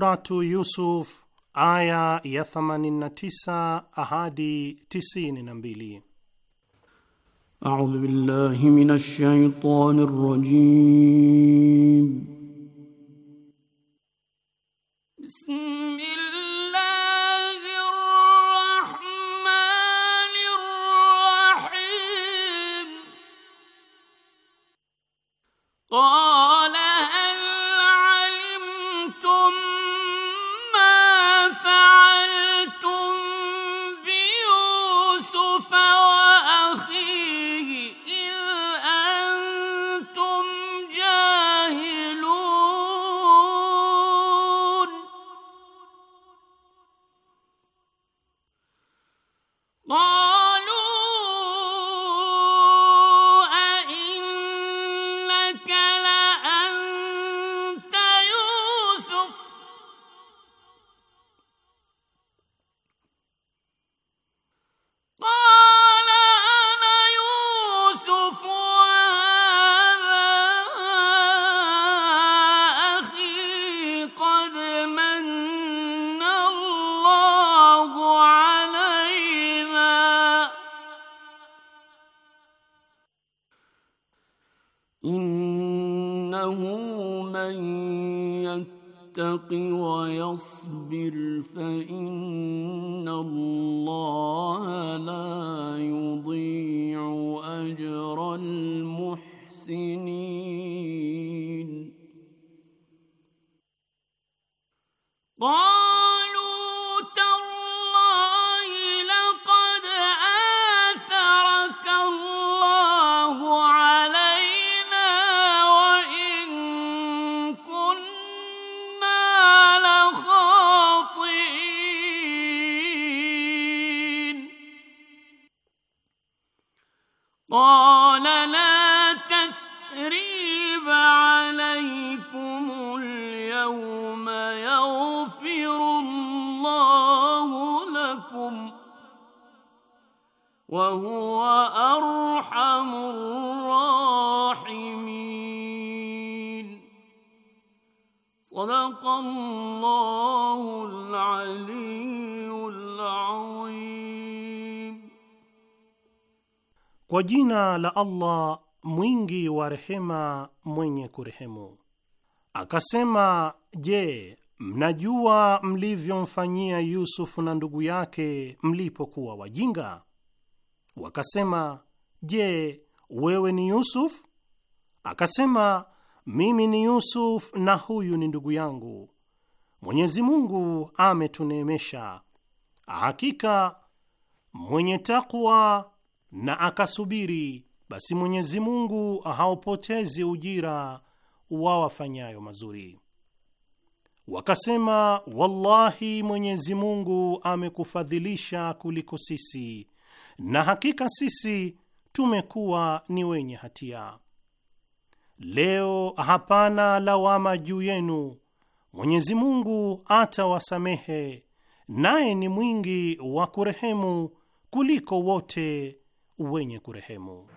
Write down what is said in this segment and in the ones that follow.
Suratu Yusuf aya ya 89 hadi 92. A'udhu billahi minash shaitani rrajim Kwa jina la Allah mwingi wa rehema mwenye kurehemu. Akasema, je, mnajua mlivyomfanyia Yusufu na ndugu yake mlipokuwa wajinga? Wakasema, je, wewe ni Yusuf? Akasema, mimi ni Yusuf na huyu ni ndugu yangu. Mwenyezi Mungu ametuneemesha. Hakika mwenye takwa na akasubiri, basi Mwenyezi Mungu haupotezi ujira wa wafanyayo mazuri. Wakasema, wallahi Mwenyezi Mungu amekufadhilisha kuliko sisi na hakika sisi tumekuwa ni wenye hatia. Leo hapana lawama juu yenu, Mwenyezi Mungu atawasamehe, naye ni mwingi wa kurehemu kuliko wote wenye kurehemu.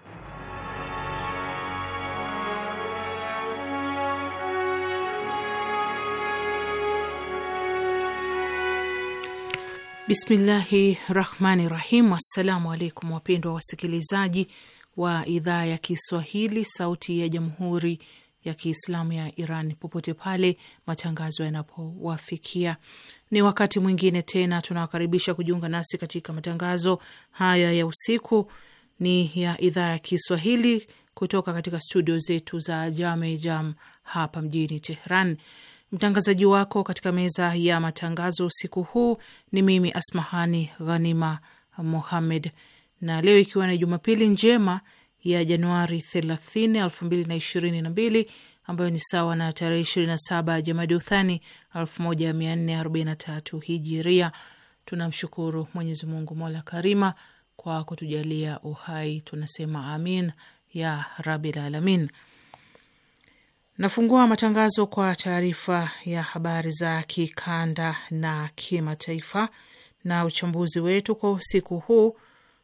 Bismillahi rahmani rahim. Assalamu alaikum wapendwa wasikilizaji wa idhaa ya Kiswahili sauti ya jamhuri ya Kiislamu ya Iran popote pale matangazo yanapowafikia, ni wakati mwingine tena tunawakaribisha kujiunga nasi katika matangazo haya ya usiku ni ya idhaa ya Kiswahili kutoka katika studio zetu za Jame Jam hapa mjini Tehran. Mtangazaji wako katika meza ya matangazo usiku huu ni mimi Asmahani Ghanima Mohamed, na leo ikiwa ni Jumapili njema ya Januari 30, 2022 ambayo ni sawa na tarehe 27 Jamadi Uthani 1443 Hijiria. Tunamshukuru Mwenyezi Mungu mola karima kwa kutujalia uhai, tunasema amin ya rabil alamin. Nafungua matangazo kwa taarifa ya habari za kikanda na kimataifa na uchambuzi wetu kwa usiku huu.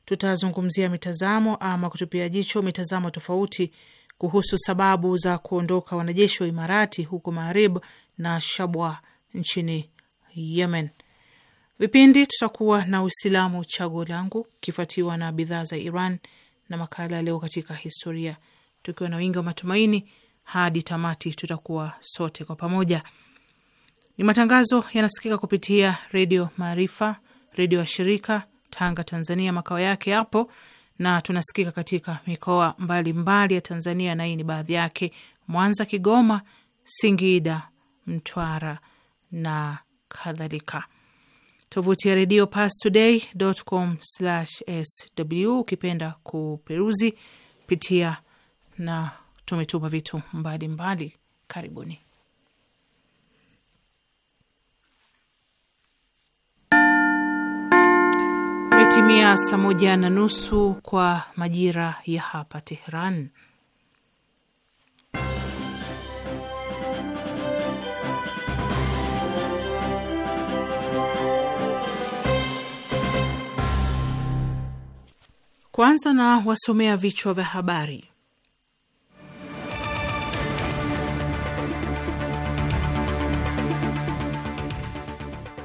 Tutazungumzia mitazamo ama kutupia jicho mitazamo tofauti kuhusu sababu za kuondoka wanajeshi wa Imarati huko Maarib na Shabwa nchini Yemen. Vipindi tutakuwa na Uislamu chaguo langu, kifuatiwa na bidhaa za Iran na makala ya leo katika historia, tukiwa na wingi wa matumaini hadi tamati, tutakuwa sote kwa pamoja. Ni matangazo yanasikika kupitia Redio Maarifa, redio washirika shirika Tanga, Tanzania, makao yake hapo, na tunasikika katika mikoa mbalimbali mbali ya Tanzania, na hii ni baadhi yake: Mwanza, Kigoma, Singida, Mtwara na kadhalika. Tovuti ya redio pastoday.com/sw ukipenda kuperuzi pitia na tumetuma vitu mbalimbali mbali. Karibuni. Imetimia saa moja na nusu kwa majira ya hapa Tehran. Kwanza na wasomea vichwa vya habari.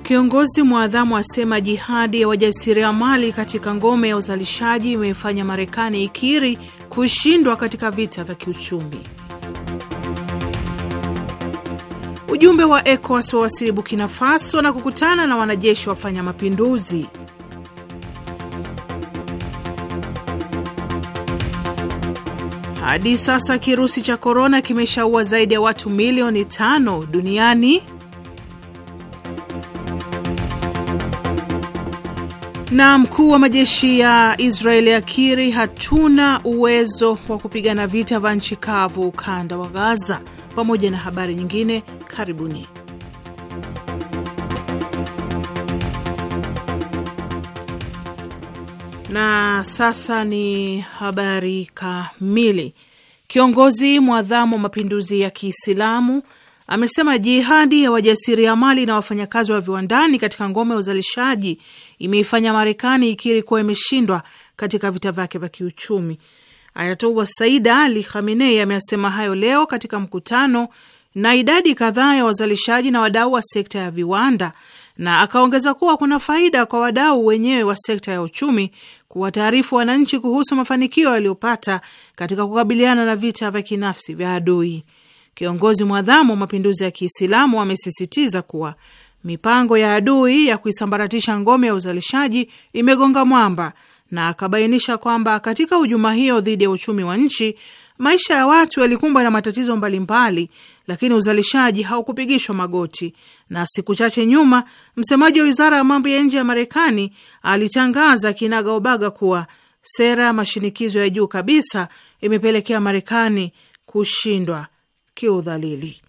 Kiongozi mwadhamu asema jihadi ya wajasiriamali katika ngome ya uzalishaji imefanya Marekani ikiri kushindwa katika vita vya kiuchumi. Ujumbe wa ECOWAS wawasili Burkina Faso na kukutana na wanajeshi wafanya mapinduzi. Hadi sasa kirusi cha korona kimeshaua zaidi ya watu milioni tano duniani. Na mkuu wa majeshi ya Israeli akiri hatuna uwezo wa kupigana vita vya nchi kavu ukanda wa Gaza, pamoja na habari nyingine. Karibuni. Na sasa ni habari kamili. Kiongozi mwadhamu wa mapinduzi ya Kiislamu amesema jihadi ya wajasiriamali na wafanyakazi wa viwandani katika ngome ya uzalishaji imeifanya Marekani ikiri kuwa imeshindwa katika vita vyake vya kiuchumi. Ayatollah Said Ali Khamenei ameyasema hayo leo katika mkutano na idadi kadhaa ya wazalishaji na wadau wa sekta ya viwanda, na akaongeza kuwa kuna faida kwa wadau wenyewe wa sekta ya uchumi kuwataarifu wananchi kuhusu mafanikio yaliyopata katika kukabiliana na vita vya kinafsi vya adui. Kiongozi mwadhamu wa mapinduzi ya Kiislamu amesisitiza kuwa Mipango ya adui ya kuisambaratisha ngome ya uzalishaji imegonga mwamba, na akabainisha kwamba katika hujuma hiyo dhidi ya uchumi wa nchi, maisha ya watu yalikumbwa na matatizo mbalimbali, lakini uzalishaji haukupigishwa magoti. Na siku chache nyuma, msemaji wa wizara ya mambo ya nje ya Marekani alitangaza kinaga ubaga kuwa sera ya mashinikizo ya juu kabisa imepelekea Marekani kushindwa kiudhalili.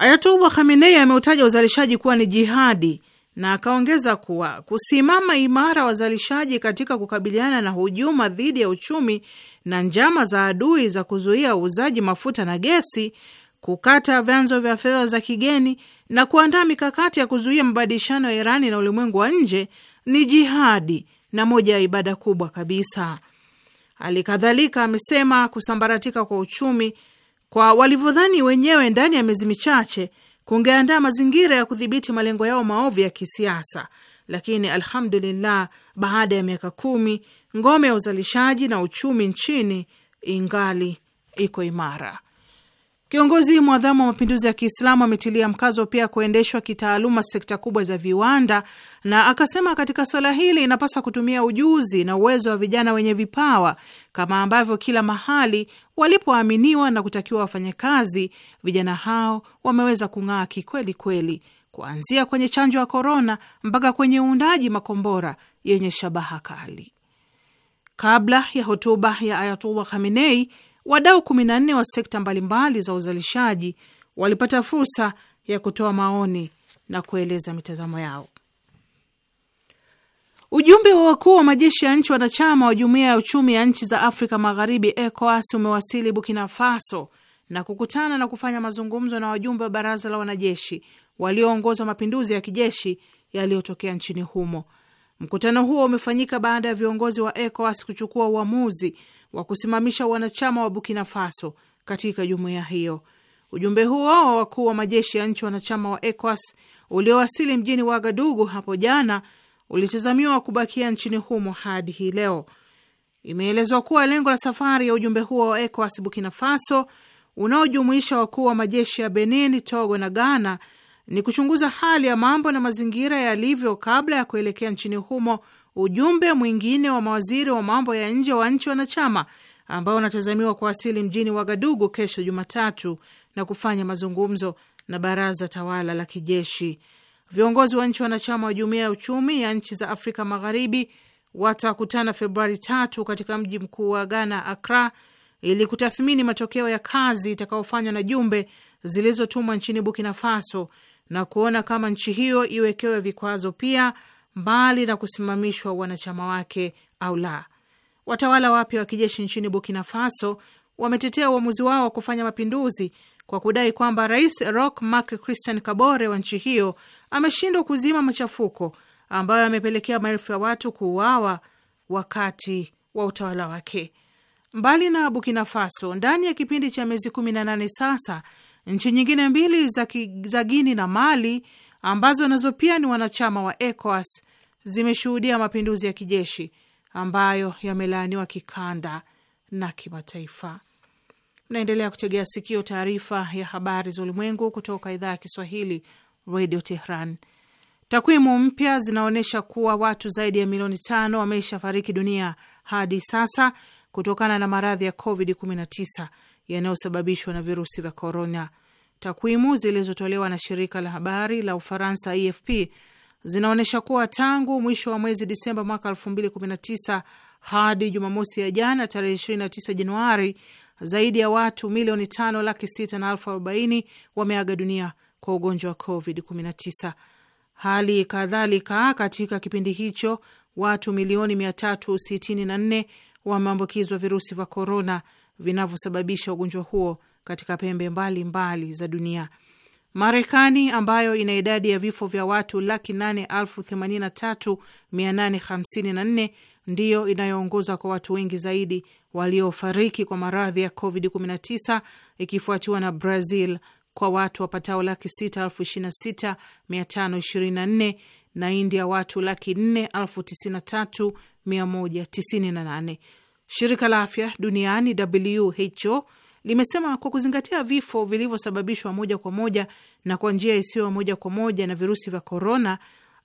Ayatullah Khamenei ameutaja uzalishaji kuwa ni jihadi na akaongeza kuwa kusimama imara wazalishaji katika kukabiliana na hujuma dhidi ya uchumi na njama za adui za kuzuia uuzaji mafuta na gesi, kukata vyanzo vya fedha za kigeni na kuandaa mikakati ya kuzuia mabadilishano ya Irani na ulimwengu wa nje ni jihadi na moja ya ibada kubwa kabisa. alikadhalika amesema kusambaratika kwa uchumi kwa walivyodhani wenyewe ndani ya miezi michache kungeandaa mazingira ya kudhibiti malengo yao maovu ya kisiasa. Lakini alhamdulillah, baada ya miaka kumi, ngome ya uzalishaji na uchumi nchini ingali iko imara. Kiongozi mwadhamu wa mapinduzi ya Kiislamu ametilia mkazo pia kuendeshwa kitaaluma sekta kubwa za viwanda, na akasema katika swala hili inapasa kutumia ujuzi na uwezo wa vijana wenye vipawa, kama ambavyo kila mahali walipoaminiwa na kutakiwa wafanyakazi, vijana hao wameweza kung'aa kikweli kweli, kuanzia kwenye chanjo ya korona mpaka kwenye uundaji makombora yenye shabaha kali. Kabla ya hotuba ya Ayatullah Khamenei Wadau 14 wa sekta mbalimbali za uzalishaji walipata fursa ya kutoa maoni na kueleza mitazamo yao. Ujumbe wa wakuu wa majeshi ya nchi wanachama wa jumuiya ya uchumi ya nchi za Afrika Magharibi, ECOWAS, umewasili Burkina Faso na kukutana na kufanya mazungumzo na wajumbe wa baraza la wanajeshi walioongoza mapinduzi ya kijeshi yaliyotokea nchini humo. Mkutano huo umefanyika baada ya viongozi wa ECOWAS kuchukua uamuzi wa kusimamisha wanachama wa Burkina Faso katika jumuiya hiyo. Ujumbe huo wa wakuu wa majeshi ya nchi wanachama wa ECOWAS uliowasili mjini Wagadugu hapo jana ulitazamiwa kubakia nchini humo hadi hii leo. Imeelezwa kuwa lengo la safari ya ujumbe huo wa ECOWAS Burkina Faso unaojumuisha wakuu wa majeshi ya Benin, Togo na Ghana ni kuchunguza hali ya mambo na mazingira yalivyo kabla ya kuelekea nchini humo Ujumbe mwingine wa mawaziri wa mambo ya nje wa nchi wanachama ambao unatazamiwa kuwasili mjini Wagadugu kesho Jumatatu na kufanya mazungumzo na baraza tawala la kijeshi. Viongozi wa nchi wanachama wa Jumuiya ya Uchumi ya Nchi za Afrika Magharibi watakutana Februari tatu katika mji mkuu wa Ghana, acra ili kutathmini matokeo ya kazi itakayofanywa na jumbe zilizotumwa nchini Bukina Faso na kuona kama nchi hiyo iwekewe vikwazo pia mbali na kusimamishwa wanachama wake au la. Watawala wapya wa kijeshi nchini Burkina Faso wametetea uamuzi wao wa kufanya mapinduzi kwa kudai kwamba rais Roch Marc Christian Kabore wa nchi hiyo ameshindwa kuzima machafuko ambayo yamepelekea maelfu ya watu kuuawa wakati wa utawala wake. Mbali na Burkina Faso, ndani ya kipindi cha miezi 18 sasa, nchi nyingine mbili za, ki, za Guini na Mali ambazo nazo pia ni wanachama wa ECOWAS zimeshuhudia mapinduzi ya kijeshi ambayo yamelaaniwa kikanda na kimataifa. Naendelea kutegea sikio taarifa ya habari za ulimwengu kutoka idhaa ya Kiswahili, Radio Tehran. Takwimu mpya zinaonyesha kuwa watu zaidi ya milioni tano wameshafariki dunia hadi sasa kutokana na maradhi ya COVID-19 yanayosababishwa na virusi vya korona. Takwimu zilizotolewa na shirika la habari la Ufaransa AFP e zinaonyesha kuwa tangu mwisho wa mwezi Disemba mwaka 2019 hadi Jumamosi ya jana tarehe 29 Januari, zaidi ya watu milioni 5 laki 6 na elfu wameaga dunia kwa ugonjwa wa COVID-19. Hali kadhalika katika kipindi hicho watu milioni 364 wameambukizwa virusi vya korona vinavyosababisha ugonjwa huo katika pembe mbalimbali mbali za dunia. Marekani ambayo ina idadi ya vifo vya watu laki nane elfu themanini na tatu mia nane hamsini na nne ndiyo inayoongoza kwa watu wengi zaidi waliofariki kwa maradhi ya COVID-19 ikifuatiwa na Brazil kwa watu wapatao laki sita elfu ishirini na sita mia tano ishirini na nne na India watu laki nne elfu tisini na tatu mia moja tisini na nane. Shirika la afya duniani WHO limesema kwa kuzingatia vifo vilivyosababishwa moja kwa moja na kwa njia isiyo moja kwa moja na virusi vya korona,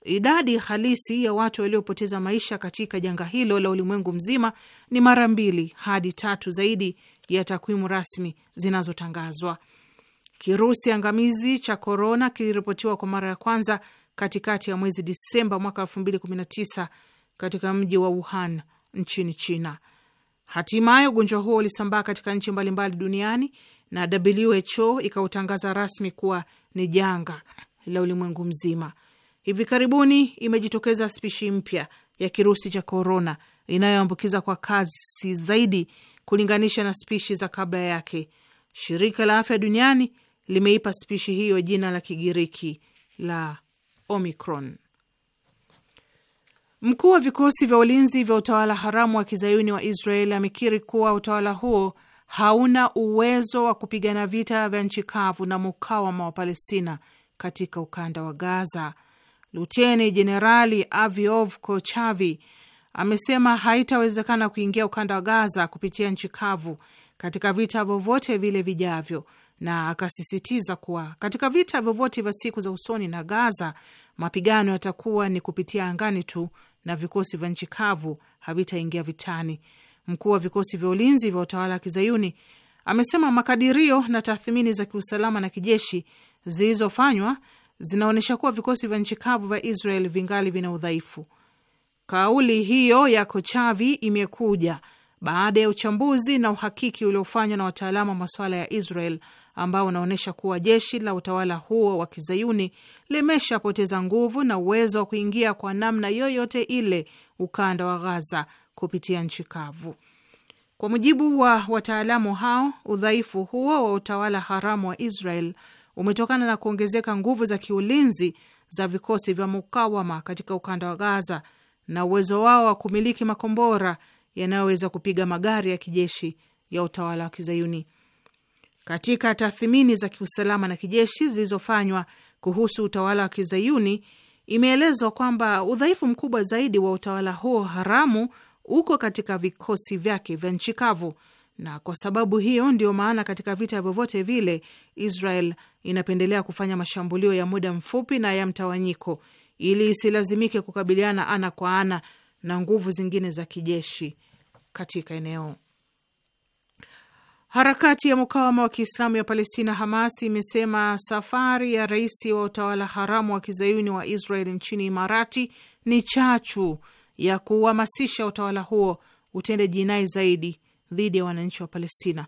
idadi halisi ya watu waliopoteza maisha katika janga hilo la ulimwengu mzima ni mara mbili hadi tatu zaidi ya takwimu rasmi zinazotangazwa. Kirusi angamizi cha korona kiliripotiwa kwa mara ya kwanza katikati ya mwezi Disemba mwaka 2019 katika mji wa Wuhan nchini China. Hatimaye ugonjwa huo ulisambaa katika nchi mbalimbali duniani na WHO ikautangaza rasmi kuwa ni janga la ulimwengu mzima. Hivi karibuni imejitokeza spishi mpya ya kirusi cha korona inayoambukiza kwa kasi zaidi kulinganisha na spishi za kabla yake. Shirika la Afya Duniani limeipa spishi hiyo jina la Kigiriki la Omicron. Mkuu wa vikosi vya ulinzi vya utawala haramu wa kizayuni wa Israel amekiri kuwa utawala huo hauna uwezo wa kupigana vita vya nchi kavu na mukawama wa Palestina katika ukanda wa Gaza. Luteni Jenerali Aviov Kochavi amesema haitawezekana kuingia ukanda wa Gaza kupitia nchi kavu katika vita vyovyote vile vijavyo, na akasisitiza kuwa katika vita vyovyote vya siku za usoni na Gaza Mapigano yatakuwa ni kupitia angani tu na vikosi vya nchi kavu havitaingia vitani. Mkuu wa vikosi vya ulinzi vya utawala wa kizayuni amesema makadirio na tathmini za kiusalama na kijeshi zilizofanywa zinaonyesha kuwa vikosi vya nchi kavu vya Israel vingali vina udhaifu. Kauli hiyo ya Kochavi imekuja baada ya uchambuzi na uhakiki uliofanywa na wataalamu wa masuala ya Israel ambao unaonyesha kuwa jeshi la utawala huo wa kizayuni limeshapoteza nguvu na uwezo wa kuingia kwa namna yoyote ile ukanda wa Ghaza kupitia nchi kavu. Kwa mujibu wa wataalamu hao, udhaifu huo wa utawala haramu wa Israel umetokana na kuongezeka nguvu za kiulinzi za vikosi vya mukawama katika ukanda wa Gaza na uwezo wao wa kumiliki makombora yanayoweza kupiga magari ya kijeshi ya utawala wa kizayuni. Katika tathmini za kiusalama na kijeshi zilizofanywa kuhusu utawala wa kizayuni imeelezwa kwamba udhaifu mkubwa zaidi wa utawala huo haramu uko katika vikosi vyake vya nchi kavu, na kwa sababu hiyo ndiyo maana katika vita vyovyote vile Israel inapendelea kufanya mashambulio ya muda mfupi na ya mtawanyiko ili isilazimike kukabiliana ana kwa ana na nguvu zingine za kijeshi katika eneo. Harakati ya mukawama wa Kiislamu ya Palestina, Hamas, imesema safari ya rais wa utawala haramu wa kizayuni wa Israel nchini Imarati ni chachu ya kuhamasisha utawala huo utende jinai zaidi dhidi ya wananchi wa Palestina.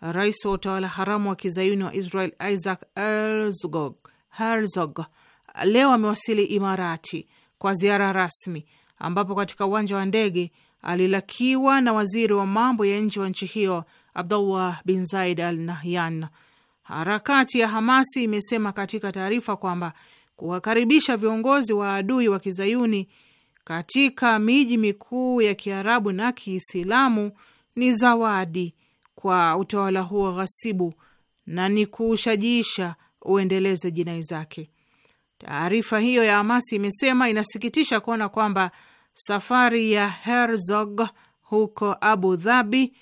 Rais wa utawala haramu wa kizayuni wa Israel Isaac Herzog, Herzog leo amewasili Imarati kwa ziara rasmi, ambapo katika uwanja wa ndege alilakiwa na waziri wa mambo ya nje wa nchi hiyo Abdullah bin Zaid al Nahyan. Harakati ya Hamasi imesema katika taarifa kwamba kuwakaribisha viongozi wa adui wa kizayuni katika miji mikuu ya kiarabu na kiislamu ni zawadi kwa utawala huo ghasibu na ni kuushajiisha uendeleze jinai zake. Taarifa hiyo ya Hamasi imesema inasikitisha kuona kwamba safari ya Herzog huko Abu Dhabi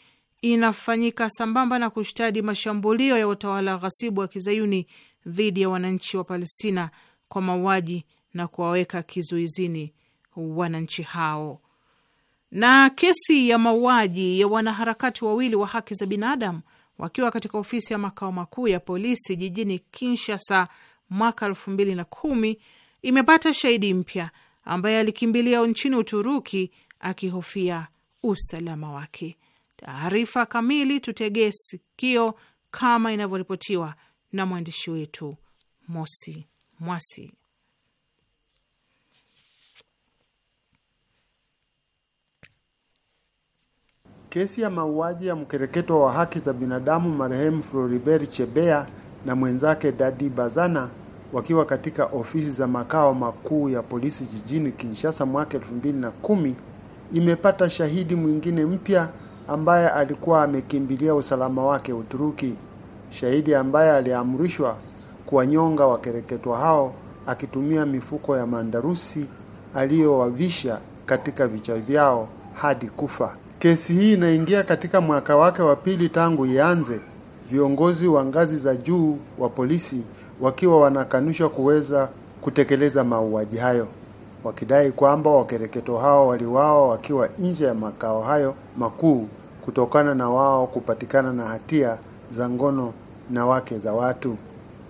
inafanyika sambamba na kushtadi mashambulio ya utawala ghasibu wa kizayuni dhidi ya wananchi wa Palestina kwa mauaji na kuwaweka kizuizini wananchi hao. Na kesi ya mauaji ya wanaharakati wawili wa haki za binadamu wakiwa katika ofisi ya makao makuu ya polisi jijini Kinshasa mwaka elfu mbili na kumi imepata shahidi mpya ambaye alikimbilia nchini Uturuki akihofia usalama wake. Taarifa kamili tutegee sikio kama inavyoripotiwa na mwandishi wetu Mosi Mwasi. Kesi ya mauaji ya mkereketo wa haki za binadamu marehemu Floribert chebea na mwenzake Dadi Bazana wakiwa katika ofisi za makao makuu ya polisi jijini Kinshasa mwaka 2010 imepata shahidi mwingine mpya ambaye alikuwa amekimbilia usalama wake Uturuki, shahidi ambaye aliamrishwa kuwanyonga wakereketwa hao akitumia mifuko ya mandarusi aliyowavisha katika vichwa vyao hadi kufa. Kesi hii inaingia katika mwaka wake wa pili tangu ianze, viongozi wa ngazi za juu wa polisi wakiwa wanakanusha kuweza kutekeleza mauaji hayo, wakidai kwamba wakereketo hao waliwawa wakiwa nje ya makao hayo makuu kutokana na wao kupatikana na hatia za ngono na wake za watu.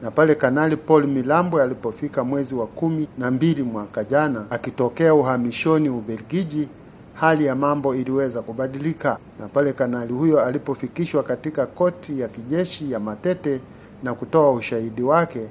Na pale Kanali Paul Milambwe alipofika mwezi wa kumi na mbili mwaka jana akitokea uhamishoni Ubelgiji, hali ya mambo iliweza kubadilika. Na pale kanali huyo alipofikishwa katika koti ya kijeshi ya Matete na kutoa ushahidi wake,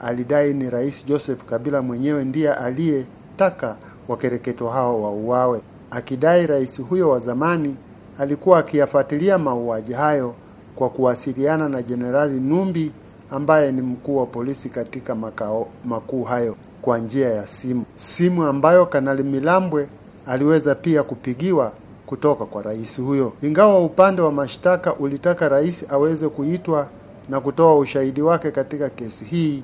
alidai ni Rais Joseph Kabila mwenyewe ndiye aliyetaka wakereketo hao wauawe, akidai rais huyo wa zamani alikuwa akiyafuatilia mauaji hayo kwa kuwasiliana na Jenerali Numbi ambaye ni mkuu wa polisi katika makao makuu hayo kwa njia ya simu, simu ambayo Kanali Milambwe aliweza pia kupigiwa kutoka kwa rais huyo. Ingawa upande wa mashtaka ulitaka rais aweze kuitwa na kutoa ushahidi wake katika kesi hii,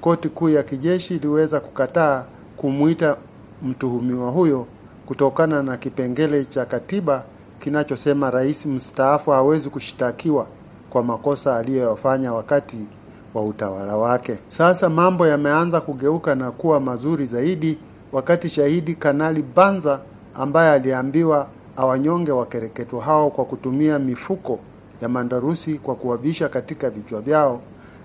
koti kuu ya kijeshi iliweza kukataa kumwita mtuhumiwa huyo kutokana na kipengele cha katiba kinachosema rais mstaafu hawezi kushtakiwa kwa makosa aliyoyafanya wakati wa utawala wake. Sasa mambo yameanza kugeuka na kuwa mazuri zaidi wakati shahidi Kanali Banza ambaye aliambiwa awanyonge wakereketo hao kwa kutumia mifuko ya mandarusi kwa kuwabisha katika vichwa vyao.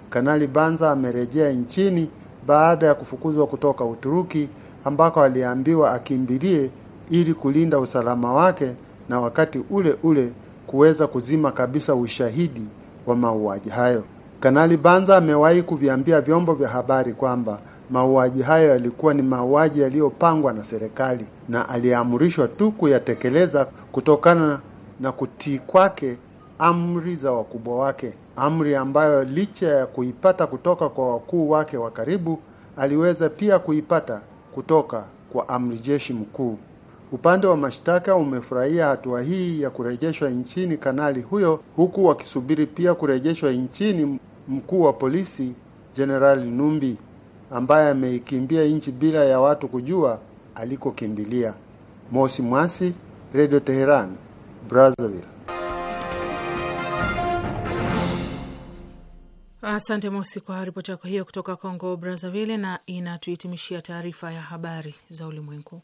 Kanali Banza amerejea nchini baada ya kufukuzwa kutoka Uturuki ambako aliambiwa akimbilie ili kulinda usalama wake na wakati ule ule kuweza kuzima kabisa ushahidi wa mauaji hayo. Kanali Banza amewahi kuviambia vyombo vya habari kwamba mauaji hayo yalikuwa ni mauaji yaliyopangwa na serikali na aliamrishwa tu kuyatekeleza kutokana na kutii kwake amri za wakubwa wake, amri ambayo licha ya kuipata kutoka kwa wakuu wake wa karibu, aliweza pia kuipata kutoka kwa amri jeshi mkuu Upande wa mashtaka umefurahia hatua hii ya kurejeshwa nchini kanali huyo huku wakisubiri pia kurejeshwa nchini mkuu wa polisi Jenerali Numbi ambaye ameikimbia nchi bila ya watu kujua alikokimbilia. Mosi Mwasi, Radio Teheran, Brazzaville. Asante Mosi kwa ripoti yako hiyo kutoka Kongo Brazzaville, na inatuhitimishia taarifa ya habari za ulimwengu.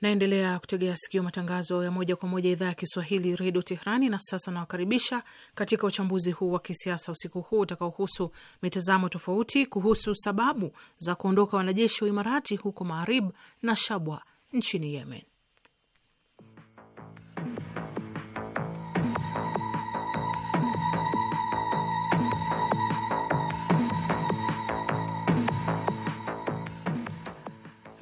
Naendelea kutegea sikio matangazo ya moja kwa moja idhaa ya Kiswahili redio Tehrani. Na sasa nawakaribisha katika uchambuzi huu wa kisiasa usiku huu utakaohusu mitazamo tofauti kuhusu sababu za kuondoka wanajeshi wa Imarati huko Maarib na Shabwa nchini Yemen.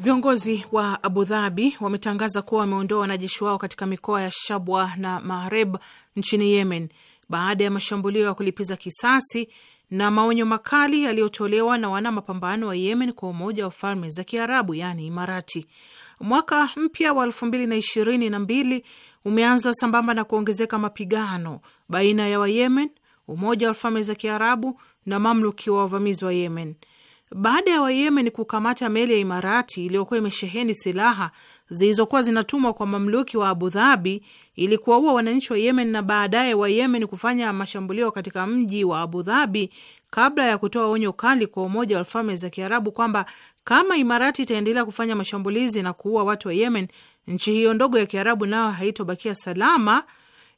Viongozi wa Abu Dhabi wametangaza kuwa wameondoa wanajeshi wao katika mikoa ya Shabwa na mahreb nchini Yemen baada ya mashambulio ya kulipiza kisasi na maonyo makali yaliyotolewa na wana mapambano wa Yemen kwa Umoja wa Falme za Kiarabu, yaani Imarati. Mwaka mpya wa elfu mbili na ishirini na mbili umeanza sambamba na kuongezeka mapigano baina ya Wayemen, Umoja wa Falme za Kiarabu na mamluki wa wavamizi wa Yemen baada ya Wayemen kukamata meli ya Imarati iliyokuwa imesheheni silaha zilizokuwa zinatumwa kwa mamluki wa Abu Dhabi ili kuwaua wananchi wa Yemen na baadaye Wayemen kufanya mashambulio katika mji wa Abu Dhabi kabla ya kutoa onyo kali kwa Umoja wa Falme za Kiarabu kwamba kama Imarati itaendelea kufanya mashambulizi na kuua watu wa Yemen, nchi hiyo ndogo ya Kiarabu nayo haitobakia salama.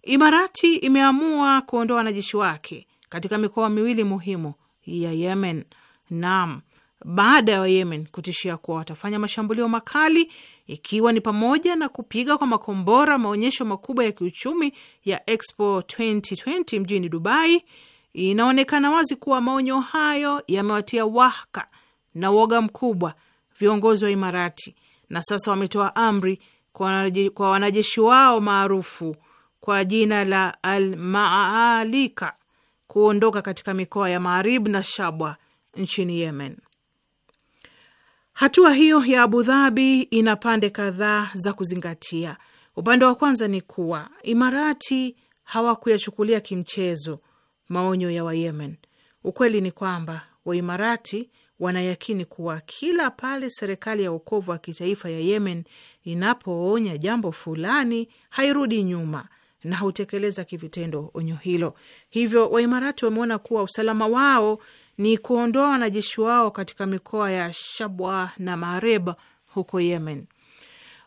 Imarati imeamua kuondoa wanajeshi wake katika mikoa miwili muhimu ya Yemen. Naam, baada ya Wayemen kutishia kuwa watafanya mashambulio makali ikiwa ni pamoja na kupiga kwa makombora maonyesho makubwa ya kiuchumi ya Expo 2020 mjini Dubai, inaonekana wazi kuwa maonyo hayo yamewatia wahaka na uoga mkubwa viongozi wa Imarati, na sasa wametoa amri kwa wanajeshi wao maarufu kwa jina la Al Maalika kuondoka katika mikoa ya Maarib na Shabwa nchini Yemen. Hatua hiyo ya Abu Dhabi ina pande kadhaa za kuzingatia. Upande wa kwanza ni kuwa Imarati hawakuyachukulia kimchezo maonyo ya Wayemen. Ukweli ni kwamba Waimarati wanayakini kuwa kila pale serikali ya ukovu wa kitaifa ya Yemen inapoonya jambo fulani hairudi nyuma na hutekeleza kivitendo onyo hilo. Hivyo Waimarati wameona kuwa usalama wao ni kuondoa wanajeshi wao katika mikoa ya Shabwa na Mareb huko Yemen.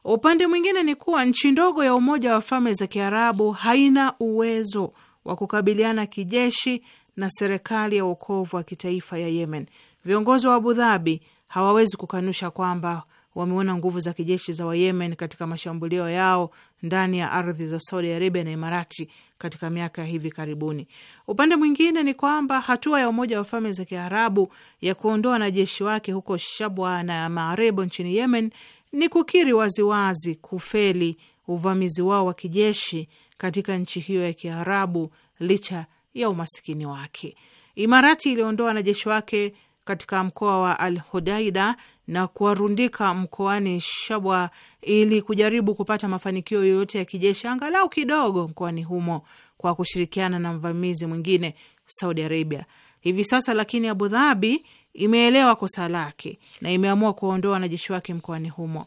Upande mwingine ni kuwa nchi ndogo ya Umoja wa Falme za Kiarabu haina uwezo wa kukabiliana kijeshi na serikali ya uokovu wa kitaifa ya Yemen. Viongozi wa Abu Dhabi hawawezi kukanusha kwamba wameona nguvu za kijeshi za Wayemen katika mashambulio yao ndani ya ardhi za Saudi Arabia na Imarati katika miaka ya hivi karibuni. Upande mwingine ni kwamba hatua ya Umoja wa Falme za Kiarabu ya kuondoa wanajeshi wake huko Shabwa na Maarebo nchini Yemen ni kukiri waziwazi kufeli uvamizi wao wa kijeshi katika nchi hiyo ya Kiarabu licha ya umasikini wake. Imarati iliondoa wanajeshi wake katika mkoa wa Al Hudaida na kuwarundika mkoani Shabwa ili kujaribu kupata mafanikio yoyote ya kijeshi angalau kidogo mkoani humo kwa kushirikiana na mvamizi mwingine Saudi Arabia. Hivi sasa lakini, Abu Dhabi imeelewa kosa lake na imeamua kuwaondoa wanajeshi wake mkoani humo.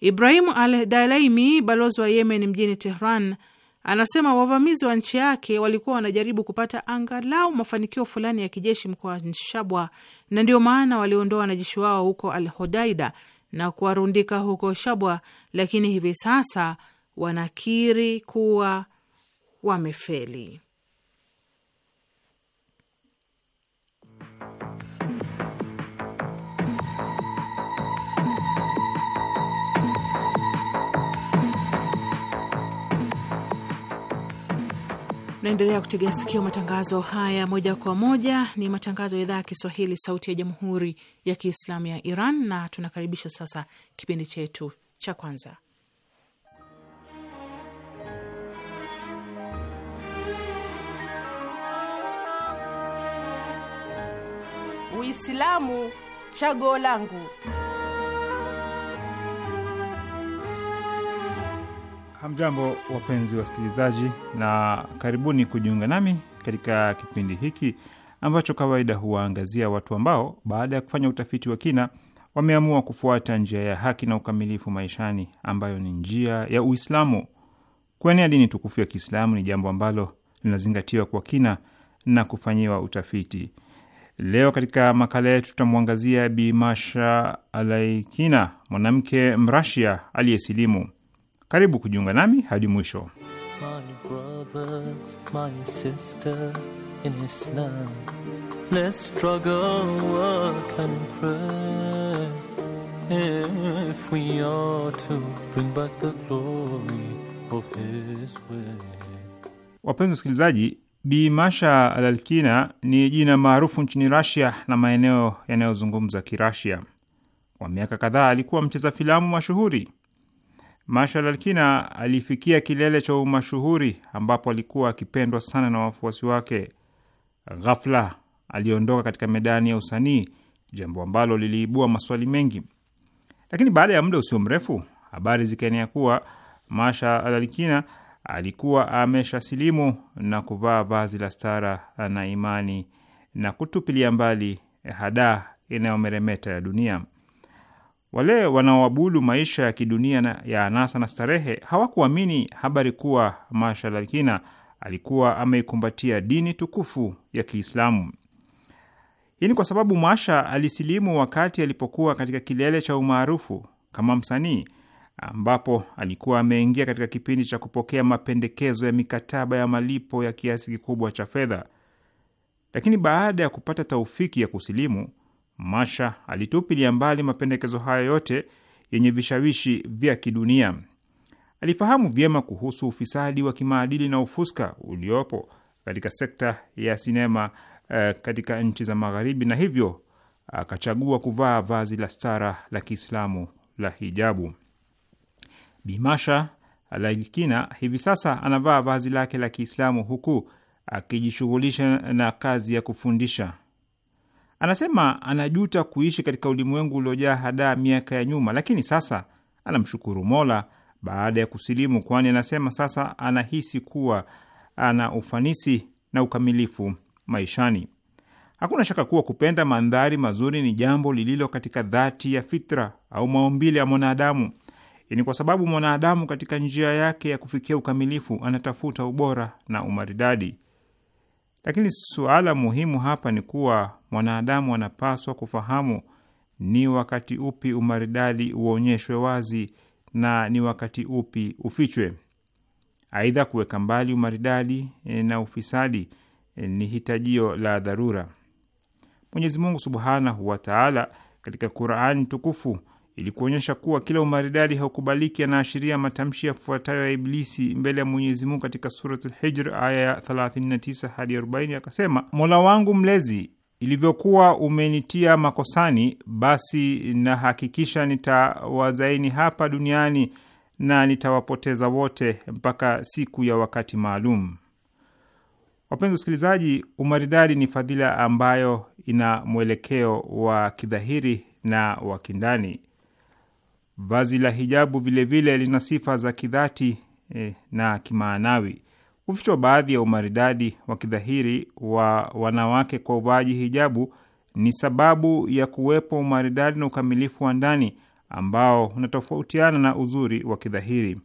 Ibrahimu Al Dalaimi, balozi wa Yemen mjini Tehran, Anasema wavamizi wa nchi yake walikuwa wanajaribu kupata angalau mafanikio fulani ya kijeshi wa Shabwa, na ndio maana waliondoa wanajeshi wao huko Al Hodaida na kuwarundika huko Shabwa, lakini hivi sasa wanakiri kuwa wamefeli. Naendelea kutegea sikio matangazo haya moja kwa moja. Ni matangazo ya idhaa ya Kiswahili, sauti ya jamhuri ya kiislamu ya Iran, na tunakaribisha sasa kipindi chetu cha kwanza, Uislamu Chaguo Langu. Hamjambo, wapenzi wasikilizaji, na karibuni kujiunga nami katika kipindi hiki ambacho kawaida huwaangazia watu ambao baada ya kufanya utafiti wa kina wameamua kufuata njia ya haki na ukamilifu maishani, ambayo ni njia ya Uislamu. Kuenea dini tukufu ya Kiislamu ni jambo ambalo linazingatiwa kwa kina na kufanyiwa utafiti. Leo katika makala yetu tutamwangazia Bi Masha Alaikina, mwanamke Mrasia aliyesilimu. Karibu kujiunga nami hadi mwisho. Wapenzi wasikilizaji, Bi Masha Alalkina ni jina maarufu nchini Rasia na maeneo yanayozungumza Kirasia. Kwa miaka kadhaa alikuwa mcheza filamu mashuhuri. Marshal Alkina alifikia kilele cha umashuhuri ambapo alikuwa akipendwa sana na wafuasi wake. Ghafla aliondoka katika medani ya usanii, jambo ambalo liliibua maswali mengi. Lakini baada ya muda usio mrefu, habari zikaenea kuwa Marshal Elkina alikuwa ameshasilimu na kuvaa vazi la stara na imani na kutupilia mbali hadaa inayomeremeta ya dunia. Wale wanaoabudu maisha ya kidunia na ya anasa na starehe hawakuamini habari kuwa Mashalakina alikuwa ameikumbatia dini tukufu ya Kiislamu. Hii ni kwa sababu masha alisilimu wakati alipokuwa katika kilele cha umaarufu kama msanii, ambapo alikuwa ameingia katika kipindi cha kupokea mapendekezo ya mikataba ya malipo ya kiasi kikubwa cha fedha. Lakini baada ya kupata taufiki ya kusilimu Masha alitupilia mbali mapendekezo hayo yote yenye vishawishi vya kidunia. Alifahamu vyema kuhusu ufisadi wa kimaadili na ufuska uliopo katika sekta ya sinema uh, katika nchi za Magharibi, na hivyo akachagua uh, kuvaa vazi la stara la Kiislamu la hijabu. Bimasha lalkina hivi sasa anavaa vazi lake la Kiislamu huku akijishughulisha na kazi ya kufundisha. Anasema anajuta kuishi katika ulimwengu uliojaa hadaa miaka ya nyuma, lakini sasa anamshukuru Mola baada ya kusilimu, kwani anasema sasa anahisi kuwa ana ufanisi na ukamilifu maishani. Hakuna shaka kuwa kupenda mandhari mazuri ni jambo lililo katika dhati ya fitra au maumbile ya mwanadamu. Ni kwa sababu mwanadamu katika njia yake ya kufikia ukamilifu anatafuta ubora na umaridadi. Lakini suala muhimu hapa ni kuwa mwanadamu anapaswa kufahamu ni wakati upi umaridadi uonyeshwe wazi na ni wakati upi ufichwe. Aidha, kuweka mbali umaridadi eh, na ufisadi eh, ni hitajio la dharura. Mwenyezi Mungu subhanahu wa taala katika qurani tukufu ili kuonyesha kuwa kila umaridadi haukubaliki, anaashiria matamshi yafuatayo ya Iblisi mbele ya Mwenyezi Mungu katika Suratul Hijr aya ya 39 hadi 40, akasema: Mola wangu mlezi, ilivyokuwa umenitia makosani, basi nahakikisha nitawazaini hapa duniani na nitawapoteza wote mpaka siku ya wakati maalum. Wapenzi wasikilizaji, umaridadi ni fadhila ambayo ina mwelekeo wa kidhahiri na wa kindani. Vazi la hijabu vilevile lina sifa za kidhati eh, na kimaanawi. Kufichwa baadhi ya umaridadi wa kidhahiri wa wanawake kwa uvaaji hijabu ni sababu ya kuwepo umaridadi na ukamilifu wa ndani ambao unatofautiana na uzuri wa kidhahiri.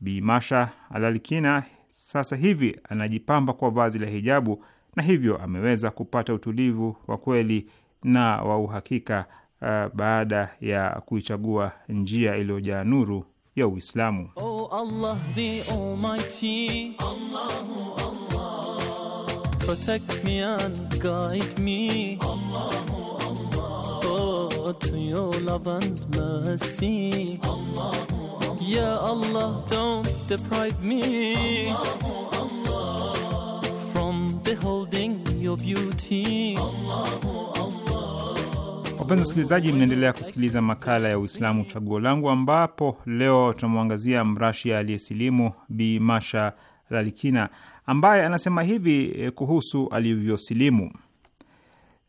Bi Masha Alalikina sasa hivi anajipamba kwa vazi la hijabu na hivyo ameweza kupata utulivu wa kweli na wa uhakika uh, baada ya kuichagua njia iliyojaa nuru ya Uislamu. Oh Allah, the Almighty. Allahu Allah. Protect me and guide me. Allahu Allah. Oh, to your love and mercy. Allahu Allah. Ya Allah, don't deprive me. Allahu Allah. From beholding your beauty. Allahu Allah. Wapenzi wasikilizaji, mnaendelea kusikiliza makala ya Uislamu Chaguo Langu, ambapo leo tunamwangazia mrashia aliyesilimu Bi Masha Lalikina ambaye anasema hivi eh, kuhusu alivyosilimu: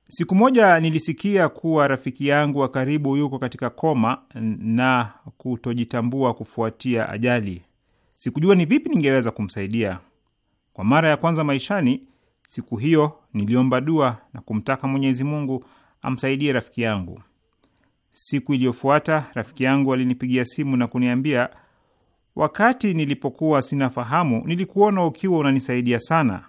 Siku moja nilisikia kuwa rafiki yangu wa karibu yuko katika koma na kutojitambua kufuatia ajali. Sikujua ni vipi ningeweza kumsaidia. Kwa mara ya kwanza maishani, siku hiyo niliomba dua na kumtaka Mwenyezi Mungu amsaidie rafiki yangu. Siku iliyofuata rafiki yangu alinipigia simu na kuniambia, wakati nilipokuwa sinafahamu nilikuona ukiwa unanisaidia sana.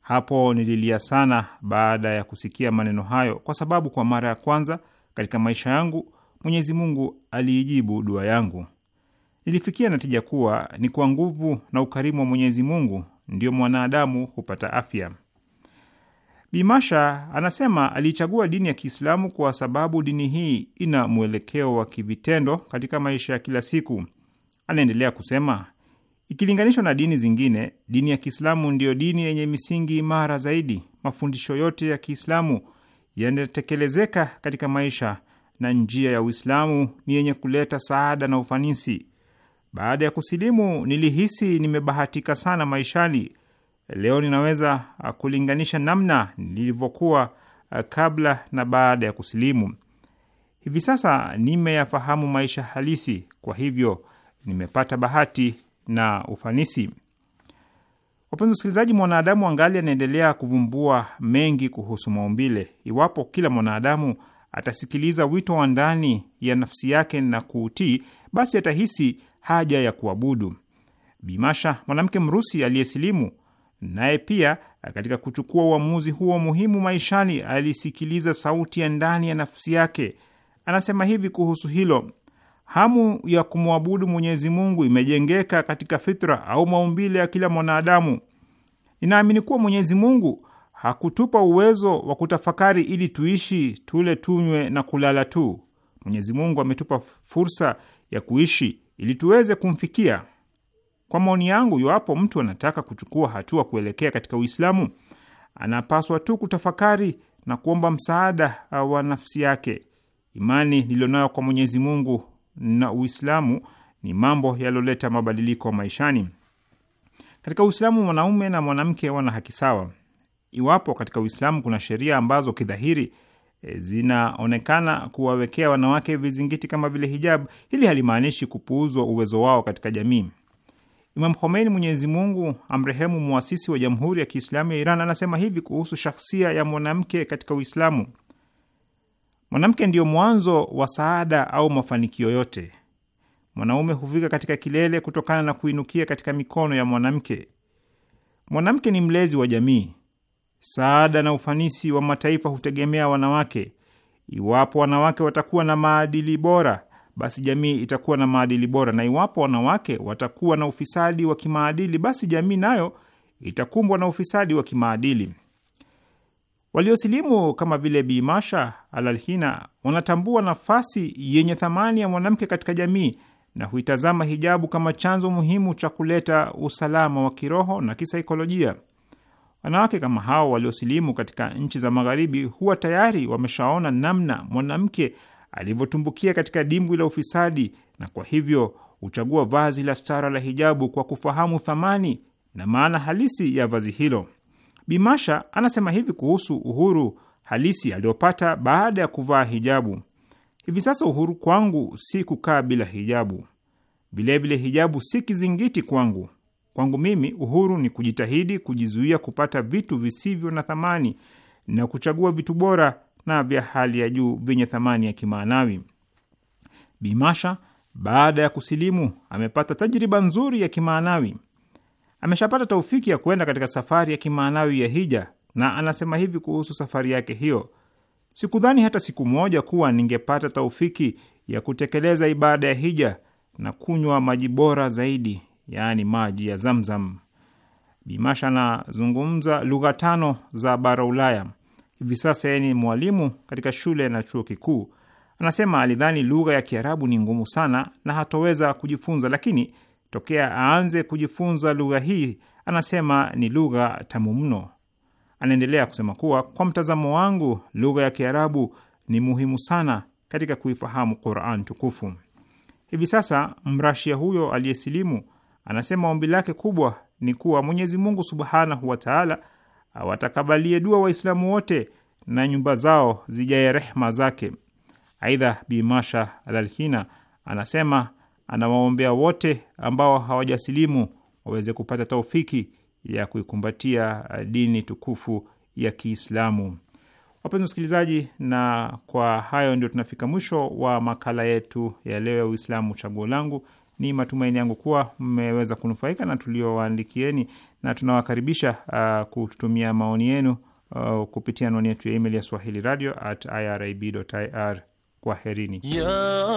Hapo nililia sana baada ya kusikia maneno hayo, kwa sababu kwa mara ya kwanza katika maisha yangu Mwenyezi Mungu aliijibu dua yangu. Nilifikia natija kuwa ni kwa nguvu na ukarimu wa Mwenyezi Mungu ndiyo mwanadamu hupata afya. Bimasha anasema aliichagua dini ya Kiislamu kwa sababu dini hii ina mwelekeo wa kivitendo katika maisha ya kila siku. Anaendelea kusema, ikilinganishwa na dini zingine, dini ya Kiislamu ndiyo dini yenye misingi imara zaidi. Mafundisho yote ya Kiislamu yanatekelezeka katika maisha na njia ya Uislamu ni yenye kuleta saada na ufanisi. Baada ya kusilimu, nilihisi nimebahatika sana maishani Leo ninaweza ah, kulinganisha namna nilivyokuwa ah, kabla na baada ya kusilimu. Hivi sasa nimeyafahamu maisha halisi, kwa hivyo nimepata bahati na ufanisi. Wapenzi wasikilizaji, mwanadamu angali anaendelea kuvumbua mengi kuhusu maumbile. Iwapo kila mwanadamu atasikiliza wito wa ndani ya nafsi yake na kuutii, basi atahisi haja ya kuabudu. Bimasha, mwanamke Mrusi aliyesilimu, Naye pia katika kuchukua uamuzi huo muhimu maishani, alisikiliza sauti ya ndani ya nafsi yake. Anasema hivi kuhusu hilo: hamu ya kumwabudu Mwenyezi Mungu imejengeka katika fitra au maumbile ya kila mwanadamu. Ninaamini kuwa Mwenyezi Mungu hakutupa uwezo wa kutafakari ili tuishi, tule, tunywe na kulala tu. Mwenyezi Mungu ametupa fursa ya kuishi ili tuweze kumfikia. Kwa maoni yangu, iwapo mtu anataka kuchukua hatua kuelekea katika Uislamu, anapaswa tu kutafakari na kuomba msaada uh, wa nafsi yake. Imani niliyonayo kwa Mwenyezi Mungu na Uislamu ni mambo yaliyoleta mabadiliko maishani. Katika Uislamu, mwanaume na mwanamke wana haki sawa. Iwapo katika Uislamu kuna sheria ambazo kidhahiri eh, zinaonekana kuwawekea wanawake vizingiti kama vile hijab, hili halimaanishi kupuuzwa uwezo wao katika jamii. Imam Khomeini, Mwenyezi Mungu amrehemu, mwasisi wa Jamhuri ya Kiislamu ya Iran, anasema hivi kuhusu shahsia ya mwanamke katika Uislamu: mwanamke ndiyo mwanzo wa saada au mafanikio yote. Mwanaume hufika katika kilele kutokana na kuinukia katika mikono ya mwanamke. Mwanamke ni mlezi wa jamii. Saada na ufanisi wa mataifa hutegemea wanawake. Iwapo wanawake watakuwa na maadili bora basi jamii itakuwa na maadili bora, na iwapo wanawake watakuwa na ufisadi wa kimaadili, basi jamii nayo itakumbwa na ufisadi wa kimaadili. Waliosilimu kama vile Bi Masha Alalhina wanatambua nafasi yenye thamani ya mwanamke katika jamii na huitazama hijabu kama chanzo muhimu cha kuleta usalama wa kiroho na kisaikolojia. Wanawake kama hao waliosilimu katika nchi za Magharibi huwa tayari wameshaona namna mwanamke alivyotumbukia katika dimbwi la ufisadi na kwa hivyo huchagua vazi la stara la hijabu kwa kufahamu thamani na maana halisi ya vazi hilo. Bimasha anasema hivi kuhusu uhuru halisi aliyopata baada ya kuvaa hijabu: hivi sasa uhuru kwangu si kukaa bila hijabu, vilevile hijabu si kizingiti kwangu. Kwangu mimi uhuru ni kujitahidi kujizuia kupata vitu visivyo na thamani na kuchagua vitu bora na vya hali ya juu vyenye thamani ya kimaanawi. Bimasha baada ya kusilimu amepata tajriba nzuri ya kimaanawi. Ameshapata taufiki ya kuenda katika safari ya kimaanawi ya hija, na anasema hivi kuhusu safari yake hiyo: sikudhani hata siku moja kuwa ningepata taufiki ya kutekeleza ibada ya hija na kunywa maji bora zaidi, yaani maji ya Zamzam. Bimasha anazungumza lugha tano za bara Ulaya hivi sasa yeye ni mwalimu katika shule na chuo kikuu. Anasema alidhani lugha ya Kiarabu ni ngumu sana na hatoweza kujifunza, lakini tokea aanze kujifunza lugha hii, anasema ni lugha tamu mno. Anaendelea kusema kuwa kwa mtazamo wangu, lugha ya Kiarabu ni muhimu sana katika kuifahamu Quran tukufu. Hivi sasa mrashia huyo aliyesilimu anasema ombi lake kubwa ni kuwa Mwenyezi Mungu subhanahu wataala watakabalie dua Waislamu wote na nyumba zao zijae rehma zake. Aidha, Bimasha Alalhina anasema anawaombea wote ambao hawajasilimu waweze kupata taufiki ya kuikumbatia dini tukufu ya Kiislamu. Wapenzi wasikilizaji, na kwa hayo ndio tunafika mwisho wa makala yetu ya leo ya Uislamu Chaguo Langu. Ni matumaini yangu kuwa mmeweza kunufaika na tuliowaandikieni, na tunawakaribisha uh, kututumia maoni yenu uh, kupitia anwani yetu ya email ya swahili radio at irib.ir. Kwa herini ya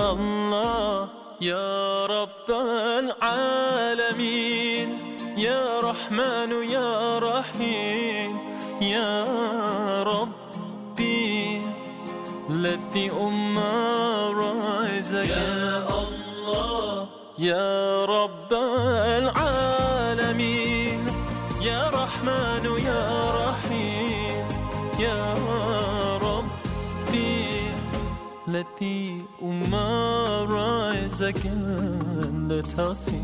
Allah, ya Rabbal alamin, ya Rahmanu, ya Rahim, ya Rabbi umma ya Allah, ya Rabbal alamin الرحمن يا رحيم يا ربي التي أمارة إذا لتصي لا تعصي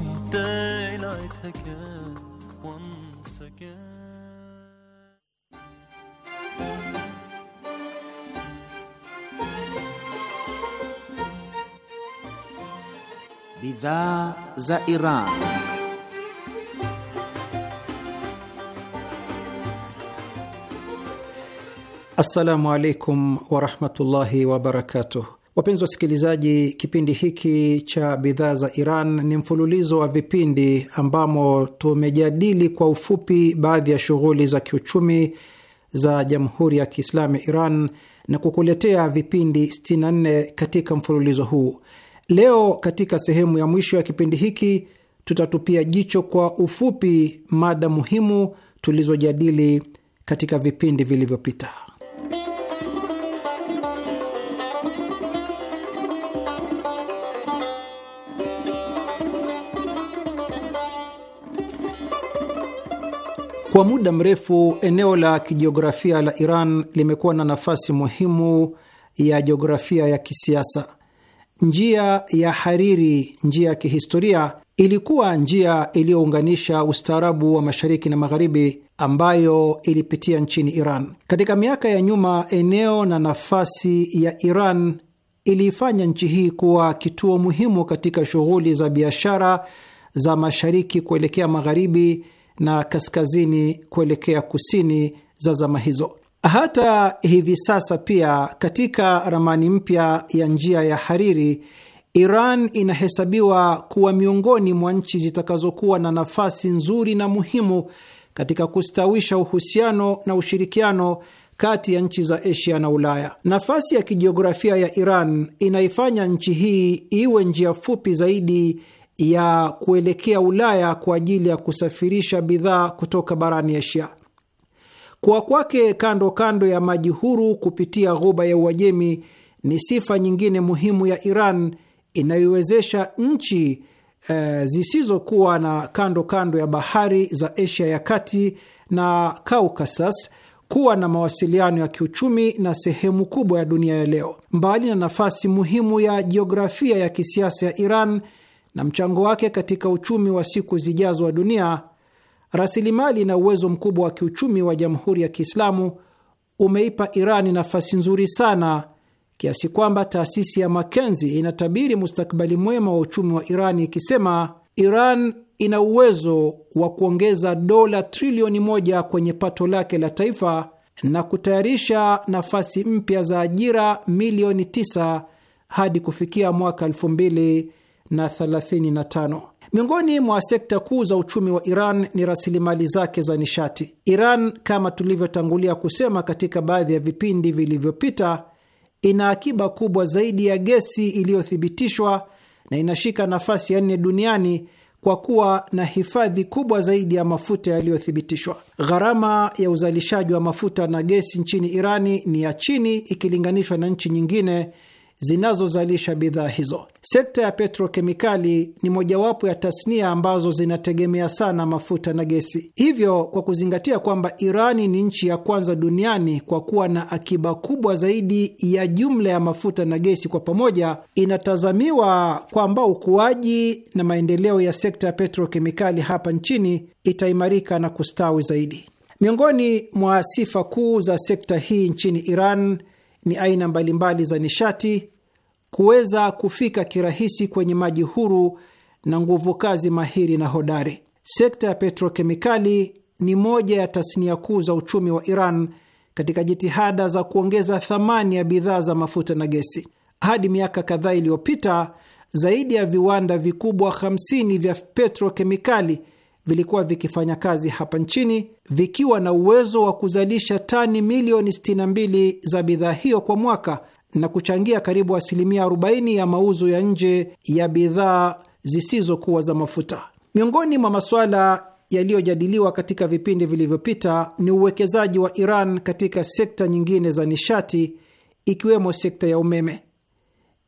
بذا زائران Assalamu alaikum warahmatullahi wabarakatuh. Wapenzi wasikilizaji, kipindi hiki cha bidhaa za Iran ni mfululizo wa vipindi ambamo tumejadili kwa ufupi baadhi ya shughuli za kiuchumi za Jamhuri ya Kiislamu ya Iran na kukuletea vipindi 64 katika mfululizo huu. Leo katika sehemu ya mwisho ya kipindi hiki tutatupia jicho kwa ufupi mada muhimu tulizojadili katika vipindi vilivyopita. Kwa muda mrefu eneo la kijiografia la Iran limekuwa na nafasi muhimu ya jiografia ya kisiasa. Njia ya Hariri, njia ya kihistoria, ilikuwa njia iliyounganisha ustaarabu wa mashariki na magharibi ambayo ilipitia nchini Iran. Katika miaka ya nyuma, eneo na nafasi ya Iran iliifanya nchi hii kuwa kituo muhimu katika shughuli za biashara za mashariki kuelekea magharibi na kaskazini kuelekea kusini za zama hizo. Hata hivi sasa pia, katika ramani mpya ya njia ya Hariri, Iran inahesabiwa kuwa miongoni mwa nchi zitakazokuwa na nafasi nzuri na muhimu katika kustawisha uhusiano na ushirikiano kati ya nchi za Asia na Ulaya. Nafasi ya kijiografia ya Iran inaifanya nchi hii iwe njia fupi zaidi ya kuelekea Ulaya kwa ajili ya kusafirisha bidhaa kutoka barani Asia. Kuwa kwake kando kando ya maji huru kupitia ghuba ya Uajemi ni sifa nyingine muhimu ya Iran inayoiwezesha nchi e, zisizokuwa na kando kando ya bahari za Asia ya kati na caucasas kuwa na mawasiliano ya kiuchumi na sehemu kubwa ya dunia ya leo. Mbali na nafasi muhimu ya jiografia ya kisiasa ya Iran na mchango wake katika uchumi wa siku zijazo wa dunia, rasilimali na uwezo mkubwa wa kiuchumi wa Jamhuri ya Kiislamu umeipa Irani nafasi nzuri sana kiasi kwamba taasisi ya Makenzi inatabiri mustakbali mwema wa uchumi wa Irani ikisema Iran ina uwezo wa kuongeza dola trilioni moja kwenye pato lake la taifa na kutayarisha nafasi mpya za ajira milioni tisa hadi kufikia mwaka elfu mbili na 35. Miongoni mwa sekta kuu za uchumi wa Iran ni rasilimali zake za nishati. Iran, kama tulivyotangulia kusema katika baadhi ya vipindi vilivyopita, ina akiba kubwa zaidi ya gesi iliyothibitishwa na inashika nafasi ya nne duniani kwa kuwa na hifadhi kubwa zaidi ya mafuta yaliyothibitishwa. Gharama ya uzalishaji wa mafuta na gesi nchini Irani ni ya chini ikilinganishwa na nchi nyingine zinazozalisha bidhaa hizo. Sekta ya petrokemikali ni mojawapo ya tasnia ambazo zinategemea sana mafuta na gesi. Hivyo, kwa kuzingatia kwamba Irani ni nchi ya kwanza duniani kwa kuwa na akiba kubwa zaidi ya jumla ya mafuta na gesi kwa pamoja, inatazamiwa kwamba ukuaji na maendeleo ya sekta ya petrokemikali hapa nchini itaimarika na kustawi zaidi. Miongoni mwa sifa kuu za sekta hii nchini Iran ni aina mbalimbali za nishati, kuweza kufika kirahisi kwenye maji huru na nguvu kazi mahiri na hodari. Sekta ya petrokemikali ni moja ya tasnia kuu za uchumi wa Iran katika jitihada za kuongeza thamani ya bidhaa za mafuta na gesi. Hadi miaka kadhaa iliyopita, zaidi ya viwanda vikubwa 50 vya petrokemikali vilikuwa vikifanya kazi hapa nchini vikiwa na uwezo wa kuzalisha tani milioni 62 za bidhaa hiyo kwa mwaka na kuchangia karibu asilimia 40 ya mauzo ya nje ya bidhaa zisizokuwa za mafuta. Miongoni mwa masuala yaliyojadiliwa katika vipindi vilivyopita ni uwekezaji wa Iran katika sekta nyingine za nishati ikiwemo sekta ya umeme.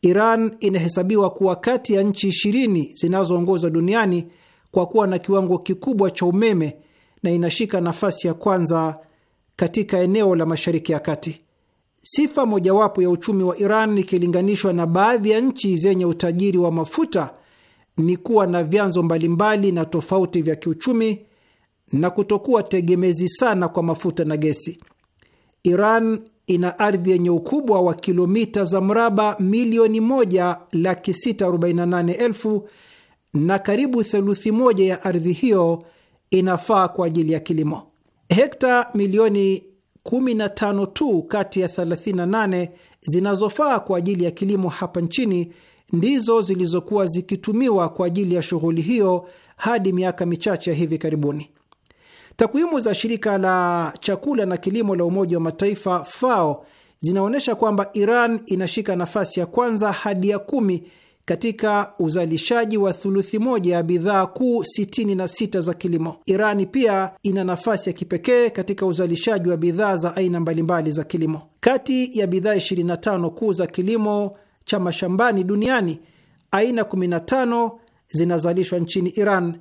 Iran inahesabiwa kuwa kati ya nchi ishirini zinazoongoza duniani kwa kuwa na kiwango kikubwa cha umeme na inashika nafasi ya kwanza katika eneo la Mashariki ya Kati. Sifa mojawapo ya uchumi wa Iran ikilinganishwa na baadhi ya nchi zenye utajiri wa mafuta ni kuwa na vyanzo mbalimbali na tofauti vya kiuchumi na kutokuwa tegemezi sana kwa mafuta na gesi. Iran ina ardhi yenye ukubwa wa kilomita za mraba milioni moja laki sita arobaini na nane elfu na karibu theluthi moja ya ardhi hiyo inafaa kwa ajili ya kilimo. Hekta milioni 15 tu kati ya 38 zinazofaa kwa ajili ya kilimo hapa nchini ndizo zilizokuwa zikitumiwa kwa ajili ya shughuli hiyo hadi miaka michache hivi karibuni. Takwimu za shirika la chakula na kilimo la Umoja wa Mataifa FAO zinaonyesha kwamba Iran inashika nafasi ya kwanza hadi ya kumi katika uzalishaji wa thuluthi moja ya bidhaa kuu 66 za kilimo. Irani pia ina nafasi ya kipekee katika uzalishaji wa bidhaa za aina mbalimbali za kilimo. Kati ya bidhaa 25 kuu za kilimo cha mashambani duniani, aina 15 zinazalishwa nchini Iran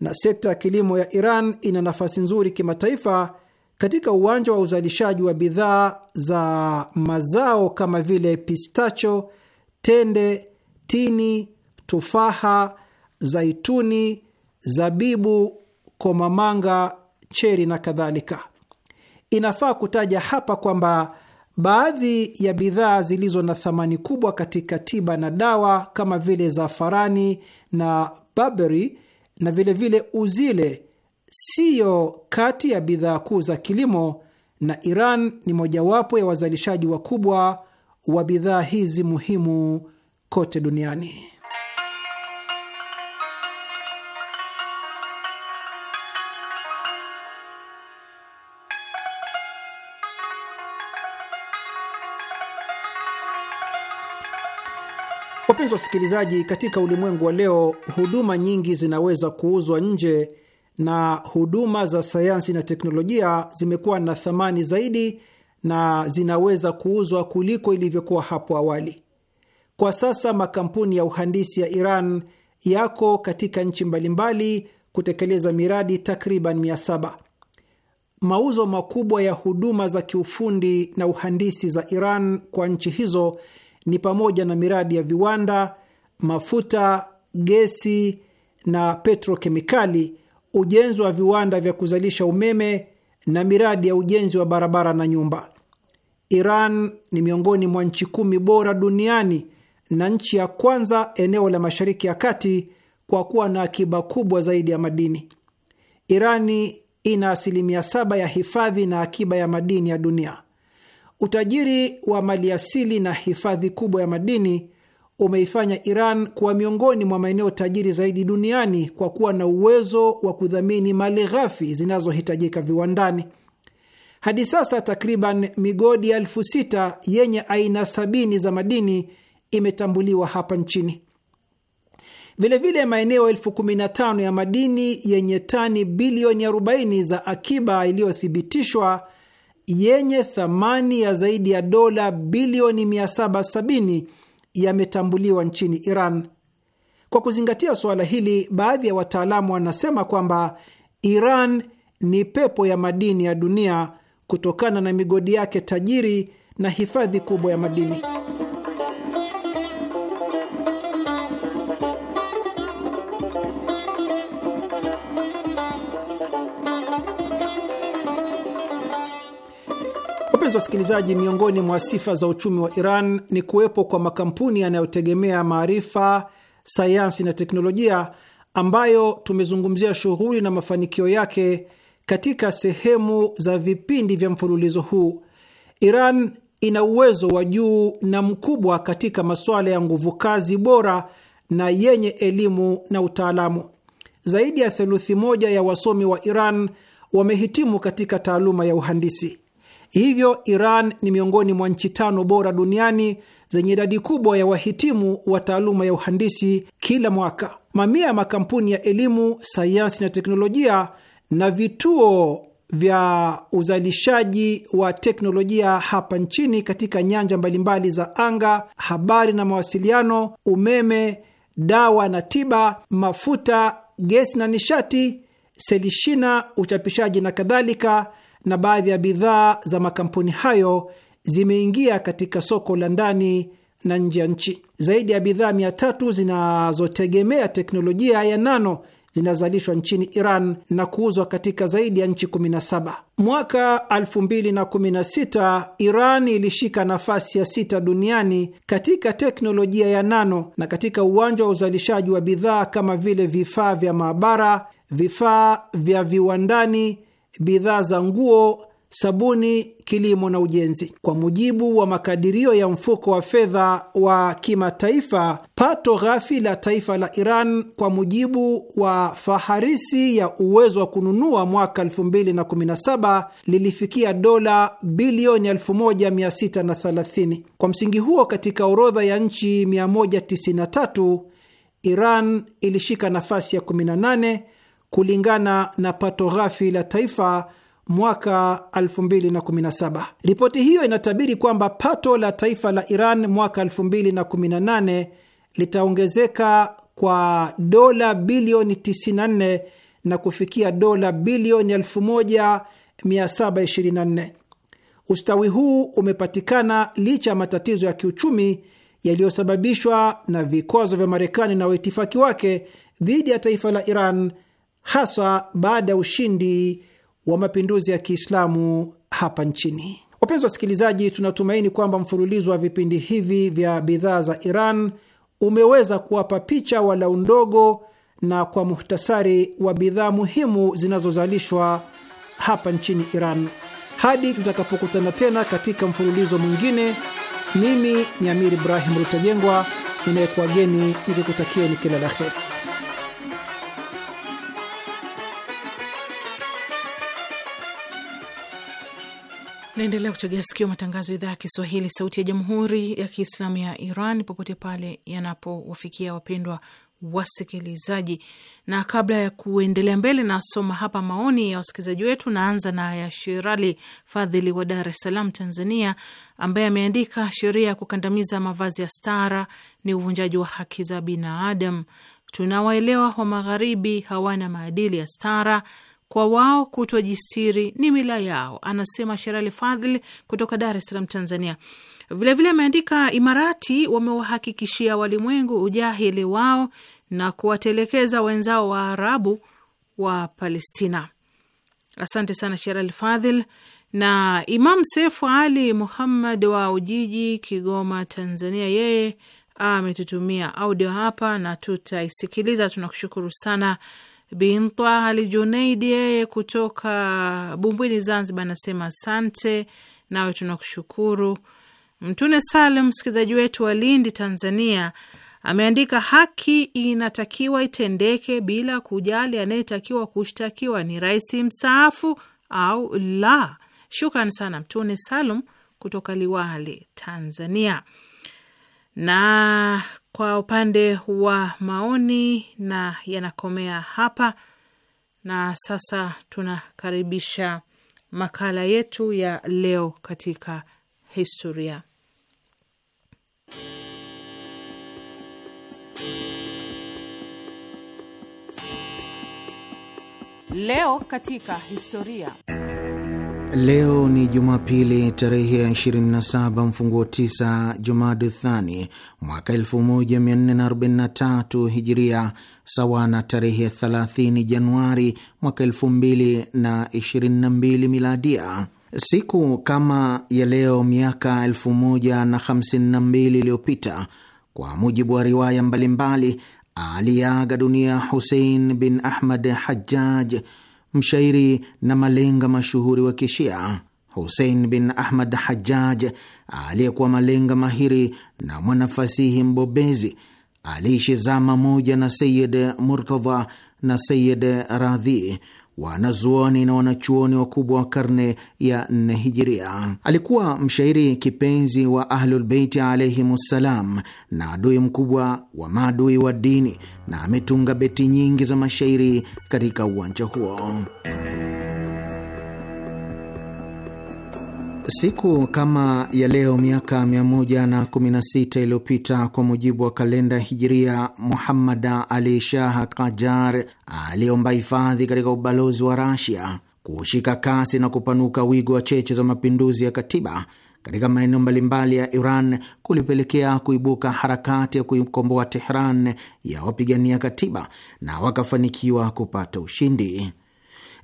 na sekta ya kilimo ya Iran ina nafasi nzuri kimataifa katika uwanja wa uzalishaji wa bidhaa za mazao kama vile pistacho, tende tini, tufaha, zaituni, zabibu, komamanga, cheri na kadhalika. Inafaa kutaja hapa kwamba baadhi ya bidhaa zilizo na thamani kubwa katika tiba na dawa kama vile zafarani na baberi na vilevile vile uzile siyo kati ya bidhaa kuu za kilimo, na Iran ni mojawapo ya wazalishaji wakubwa wa bidhaa hizi muhimu kote duniani. Wapenzi wasikilizaji, katika ulimwengu wa leo, huduma nyingi zinaweza kuuzwa nje na huduma za sayansi na teknolojia zimekuwa na thamani zaidi na zinaweza kuuzwa kuliko ilivyokuwa hapo awali. Kwa sasa makampuni ya uhandisi ya Iran yako katika nchi mbalimbali kutekeleza miradi takriban mia Mauzo makubwa ya huduma za kiufundi na uhandisi za Iran kwa nchi hizo ni pamoja na miradi ya viwanda, mafuta, gesi na petrokemikali, ujenzi wa viwanda vya kuzalisha umeme na miradi ya ujenzi wa barabara na nyumba. Iran ni miongoni mwa nchi kumi bora duniani na nchi ya kwanza eneo la Mashariki ya Kati kwa kuwa na akiba kubwa zaidi ya madini. Irani ina asilimia saba ya hifadhi na akiba ya madini ya dunia. Utajiri wa maliasili na hifadhi kubwa ya madini umeifanya Iran kuwa miongoni mwa maeneo tajiri zaidi duniani kwa kuwa na uwezo wa kudhamini mali ghafi zinazohitajika viwandani. Hadi sasa takriban migodi elfu sita yenye aina sabini za madini imetambuliwa hapa nchini. Vilevile, maeneo elfu kumi na tano ya madini yenye tani bilioni 40 za akiba iliyothibitishwa yenye thamani ya zaidi ya dola bilioni 770 yametambuliwa nchini Iran. Kwa kuzingatia suala hili, baadhi ya wataalamu wanasema kwamba Iran ni pepo ya madini ya dunia kutokana na migodi yake tajiri na hifadhi kubwa ya madini. Wapenzi wasikilizaji, miongoni mwa sifa za uchumi wa Iran ni kuwepo kwa makampuni yanayotegemea maarifa, sayansi na teknolojia ambayo tumezungumzia shughuli na mafanikio yake katika sehemu za vipindi vya mfululizo huu. Iran ina uwezo wa juu na mkubwa katika masuala ya nguvu kazi bora na yenye elimu na utaalamu. Zaidi ya theluthi moja ya wasomi wa Iran wamehitimu katika taaluma ya uhandisi. Hivyo Iran ni miongoni mwa nchi tano bora duniani zenye idadi kubwa ya wahitimu wa taaluma ya uhandisi kila mwaka. Mamia ya makampuni ya elimu, sayansi na teknolojia na vituo vya uzalishaji wa teknolojia hapa nchini katika nyanja mbalimbali za anga, habari na mawasiliano, umeme, dawa na tiba, mafuta, gesi na nishati, selishina, uchapishaji na kadhalika na baadhi ya bidhaa za makampuni hayo zimeingia katika soko la ndani na nje ya nchi. Zaidi ya bidhaa mia tatu zinazotegemea teknolojia ya nano zinazalishwa nchini Iran na kuuzwa katika zaidi ya nchi 17. Mwaka 2016 Iran ilishika nafasi ya sita duniani katika teknolojia ya nano na katika uwanja wa uzalishaji wa bidhaa kama vile vifaa vya maabara, vifaa vya viwandani bidhaa za nguo, sabuni, kilimo na ujenzi. Kwa mujibu wa makadirio ya mfuko wa fedha wa kimataifa, pato ghafi la taifa la Iran kwa mujibu wa faharisi ya uwezo wa kununua mwaka 2017 lilifikia dola bilioni 1630. Kwa msingi huo, katika orodha ya nchi 193 Iran ilishika nafasi ya 18 kulingana na pato ghafi la taifa mwaka 2017. Ripoti hiyo inatabiri kwamba pato la taifa la Iran mwaka 2018 litaongezeka kwa dola bilioni 94 na kufikia dola bilioni 1724. Ustawi huu umepatikana licha ya matatizo ya kiuchumi yaliyosababishwa na vikwazo vya Marekani na waitifaki wake dhidi ya taifa la Iran haswa baada ya ushindi wa mapinduzi ya Kiislamu hapa nchini. Wapenzi wasikilizaji, tunatumaini kwamba mfululizo wa vipindi hivi vya bidhaa za Iran umeweza kuwapa picha walau ndogo na kwa muhtasari wa bidhaa muhimu zinazozalishwa hapa nchini Iran. Hadi tutakapokutana tena katika mfululizo mwingine, mimi ni Amir Ibrahim Rutajengwa ninayekuwageni nikikutakieni kila la heri. Naendelea kuchegea sikio matangazo ya idhaa ya Kiswahili, sauti ya jamhuri ya kiislamu ya Iran, popote pale yanapowafikia wapendwa wasikilizaji. Na kabla ya kuendelea mbele, nasoma hapa maoni ya wasikilizaji wetu. Naanza na ya Shirali Fadhili wa Dar es Salaam, Tanzania, ambaye ameandika, sheria ya kukandamiza mavazi ya stara ni uvunjaji wa haki za binadamu. Tunawaelewa wa magharibi hawana maadili ya stara kwa wao kutojistiri ni mila yao, anasema Sherali Fadhili kutoka Dar es Salaam, Tanzania. Vilevile ameandika vile Imarati wamewahakikishia walimwengu ujahili wao na kuwatelekeza wenzao wa arabu wa Palestina. Asante sana Sherali Fadhil. Na Imam Sefu Ali Muhammad wa Ujiji, Kigoma, Tanzania, yeye ametutumia audio hapa na tutaisikiliza. Tunakushukuru sana. Bintwa Ali Junaidi yeye kutoka Bumbwini, Zanzibar, anasema asante, nawe tunakushukuru. Mtune Salem, msikilizaji wetu wa Lindi, Tanzania, ameandika haki inatakiwa itendeke bila kujali anayetakiwa kushtakiwa ni rais mstaafu au la. Shukran sana Mtune Salum kutoka Liwale, Tanzania. Na kwa upande wa maoni, na yanakomea hapa. Na sasa tunakaribisha makala yetu ya leo katika historia. Leo katika historia. Leo ni Jumapili tarehe ya 27 mfunguo 9 Jumada Thani mwaka 1443 Hijiria, sawa na tarehe 30 Januari mwaka 2022 Miladia. Siku kama ya leo miaka 1052 iliyopita, kwa mujibu wa riwaya mbalimbali, aliaga dunia Husein bin Ahmad Hajjaj mshairi na malenga mashuhuri wa Kishia Husein bin Ahmad Hajjaj aliyekuwa malenga mahiri na mwanafasihi mbobezi aliishi zama moja na Sayid Murtadha na Sayid Radhi wanazuoni na wanachuoni wakubwa wa karne ya nne hijiria. Alikuwa mshairi kipenzi wa Ahlulbeiti ssalam na adui mkubwa wa maadui wa dini, na ametunga beti nyingi za mashairi katika uwanja huo. Siku kama ya leo miaka 116 iliyopita kwa mujibu wa kalenda Hijiria, Muhammad Ali Shah Kajar aliomba hifadhi katika ubalozi wa Rasia. Kushika kasi na kupanuka wigo wa cheche za mapinduzi ya katiba katika maeneo mbalimbali ya Iran kulipelekea kuibuka harakati ya kuikomboa Tehran ya wapigania katiba na wakafanikiwa kupata ushindi.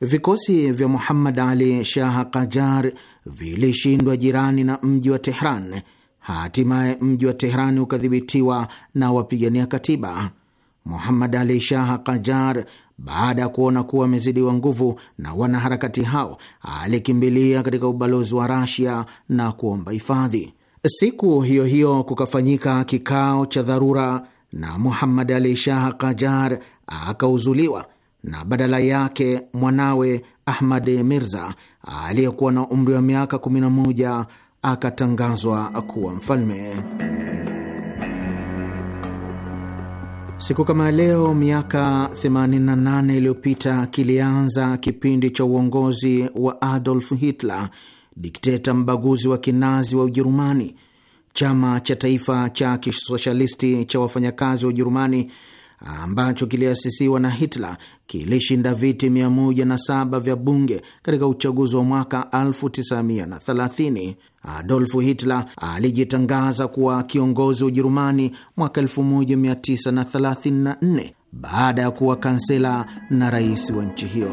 Vikosi vya Muhammad Ali Shah Kajar vilishindwa jirani na mji wa Tehran. Hatimaye mji wa tehrani ukadhibitiwa na wapigania katiba. Muhammad Ali Shah Kajar, baada ya kuona kuwa amezidiwa nguvu na wanaharakati hao, alikimbilia katika ubalozi wa Rasia na kuomba hifadhi. Siku hiyo hiyo kukafanyika kikao cha dharura na Muhammad Ali Shah Kajar akauzuliwa na badala yake mwanawe Ahmad Mirza aliyekuwa na umri wa miaka 11 akatangazwa kuwa mfalme. Siku kama leo miaka 88 iliyopita kilianza kipindi cha uongozi wa Adolf Hitler, dikteta mbaguzi wa kinazi wa Ujerumani. Chama cha taifa cha kisoshalisti cha wafanyakazi wa Ujerumani ambacho kiliasisiwa na Hitler kilishinda viti 107 vya bunge katika uchaguzi wa mwaka 1930. Adolfu Hitler alijitangaza kuwa kiongozi wa Ujerumani mwaka 1934 baada ya kuwa kansela na rais wa nchi hiyo.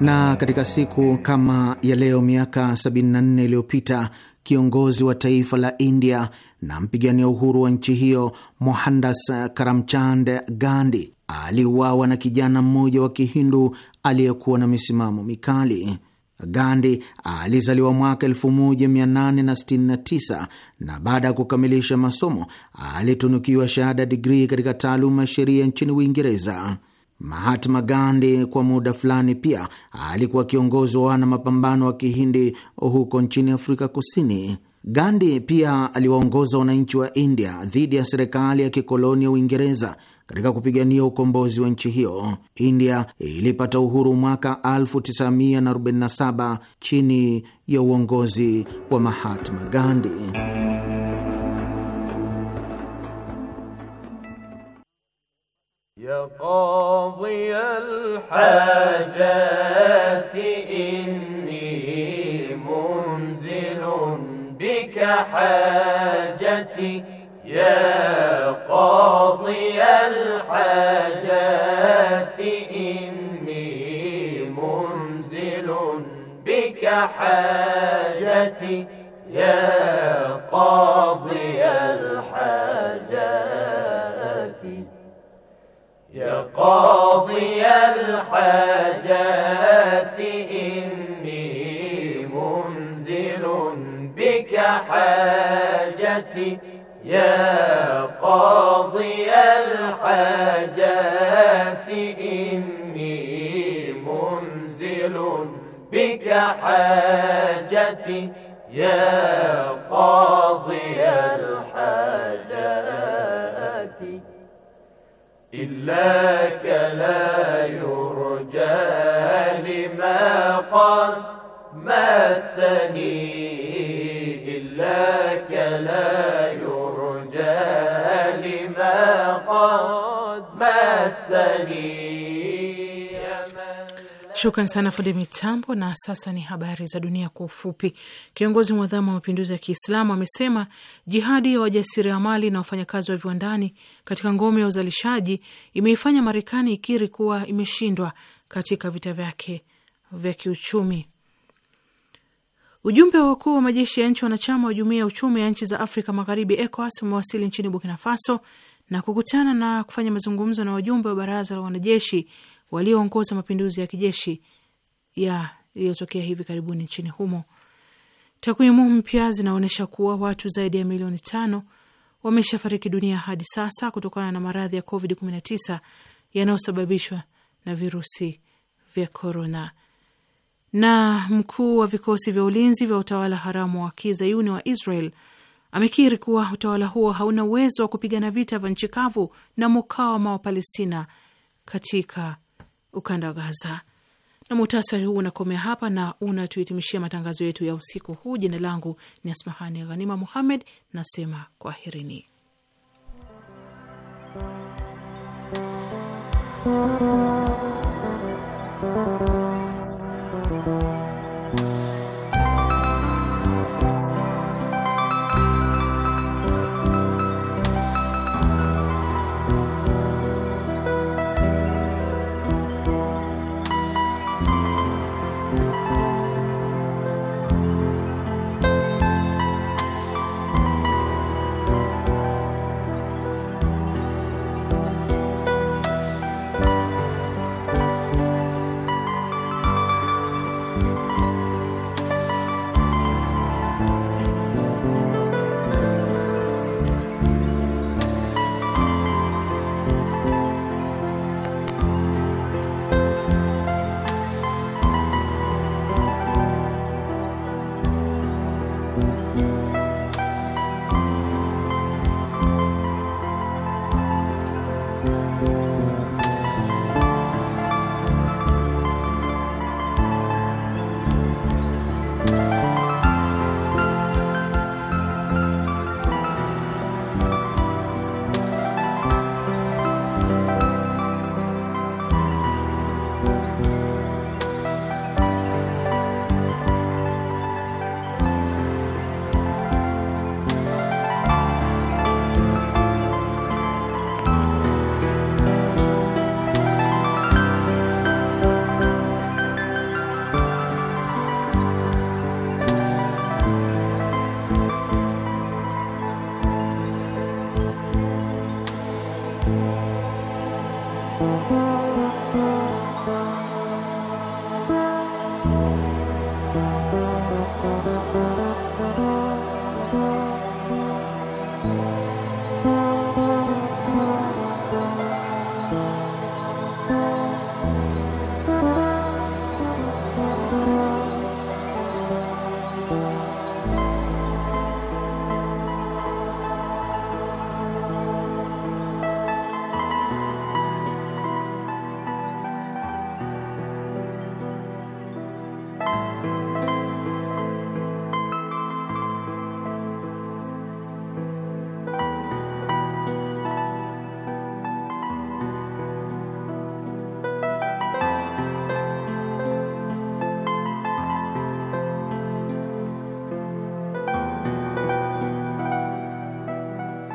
Na katika siku kama ya leo miaka 74 iliyopita kiongozi wa taifa la India na mpigania uhuru wa nchi hiyo Mohandas Karamchand Gandhi aliuawa na kijana mmoja wa Kihindu aliyekuwa na misimamo mikali. Gandhi alizaliwa mwaka 1869 na baada ya kukamilisha masomo alitunukiwa shahada digrii katika taaluma ya sheria nchini Uingereza. Mahatma Gandhi kwa muda fulani pia alikuwa kiongozi wa wana mapambano wa Kihindi huko nchini Afrika Kusini. Gandhi pia aliwaongoza wananchi wa India dhidi ya serikali ya kikoloni ya Uingereza katika kupigania ukombozi wa nchi hiyo. India ilipata uhuru mwaka 1947 chini ya uongozi wa Mahatma Gandhi. ya بك حاجتي يا قاضي الحاجات إني منزل بك حاجتي يا قاضي الحاجات يا قاضي الحاجات حاجتي يا قاضي الحاجات إني منزل بك حاجتي يا قاضي الحاجات إلاك لا يرجى لما قد مسني Shukran sana fundi mitambo. Na sasa ni habari za dunia kwa ufupi. Kiongozi mwadhamu wa mapinduzi ya Kiislamu amesema jihadi ya wajasiriamali na wafanyakazi wa viwandani katika ngome ya uzalishaji imeifanya Marekani ikiri kuwa imeshindwa katika vita vyake vya kiuchumi. Ujumbe wa wakuu wa majeshi ya nchi wanachama wa jumuiya ya uchumi ya nchi za Afrika Magharibi, ECOWAS, umewasili nchini Burkina Faso na kukutana na kufanya mazungumzo na wajumbe wa baraza la wanajeshi walioongoza mapinduzi ya kijeshi yaliyotokea hivi karibuni nchini humo. Takwimu mpya zinaonyesha kuwa watu zaidi ya milioni tano wameshafariki dunia hadi sasa kutokana na maradhi ya COVID-19 yanayosababishwa na virusi vya korona. Na mkuu wa vikosi vya ulinzi vya utawala haramu wa kizayuni wa Israel amekiri kuwa utawala huo hauna uwezo wa kupigana vita vya nchi kavu na mukawama wa Palestina katika ukanda wa Gaza. Na muhtasari huu unakomea hapa na unatuhitimishia matangazo yetu ya usiku huu. Jina langu ni Asmahani Ghanima Muhammed, nasema kwaherini.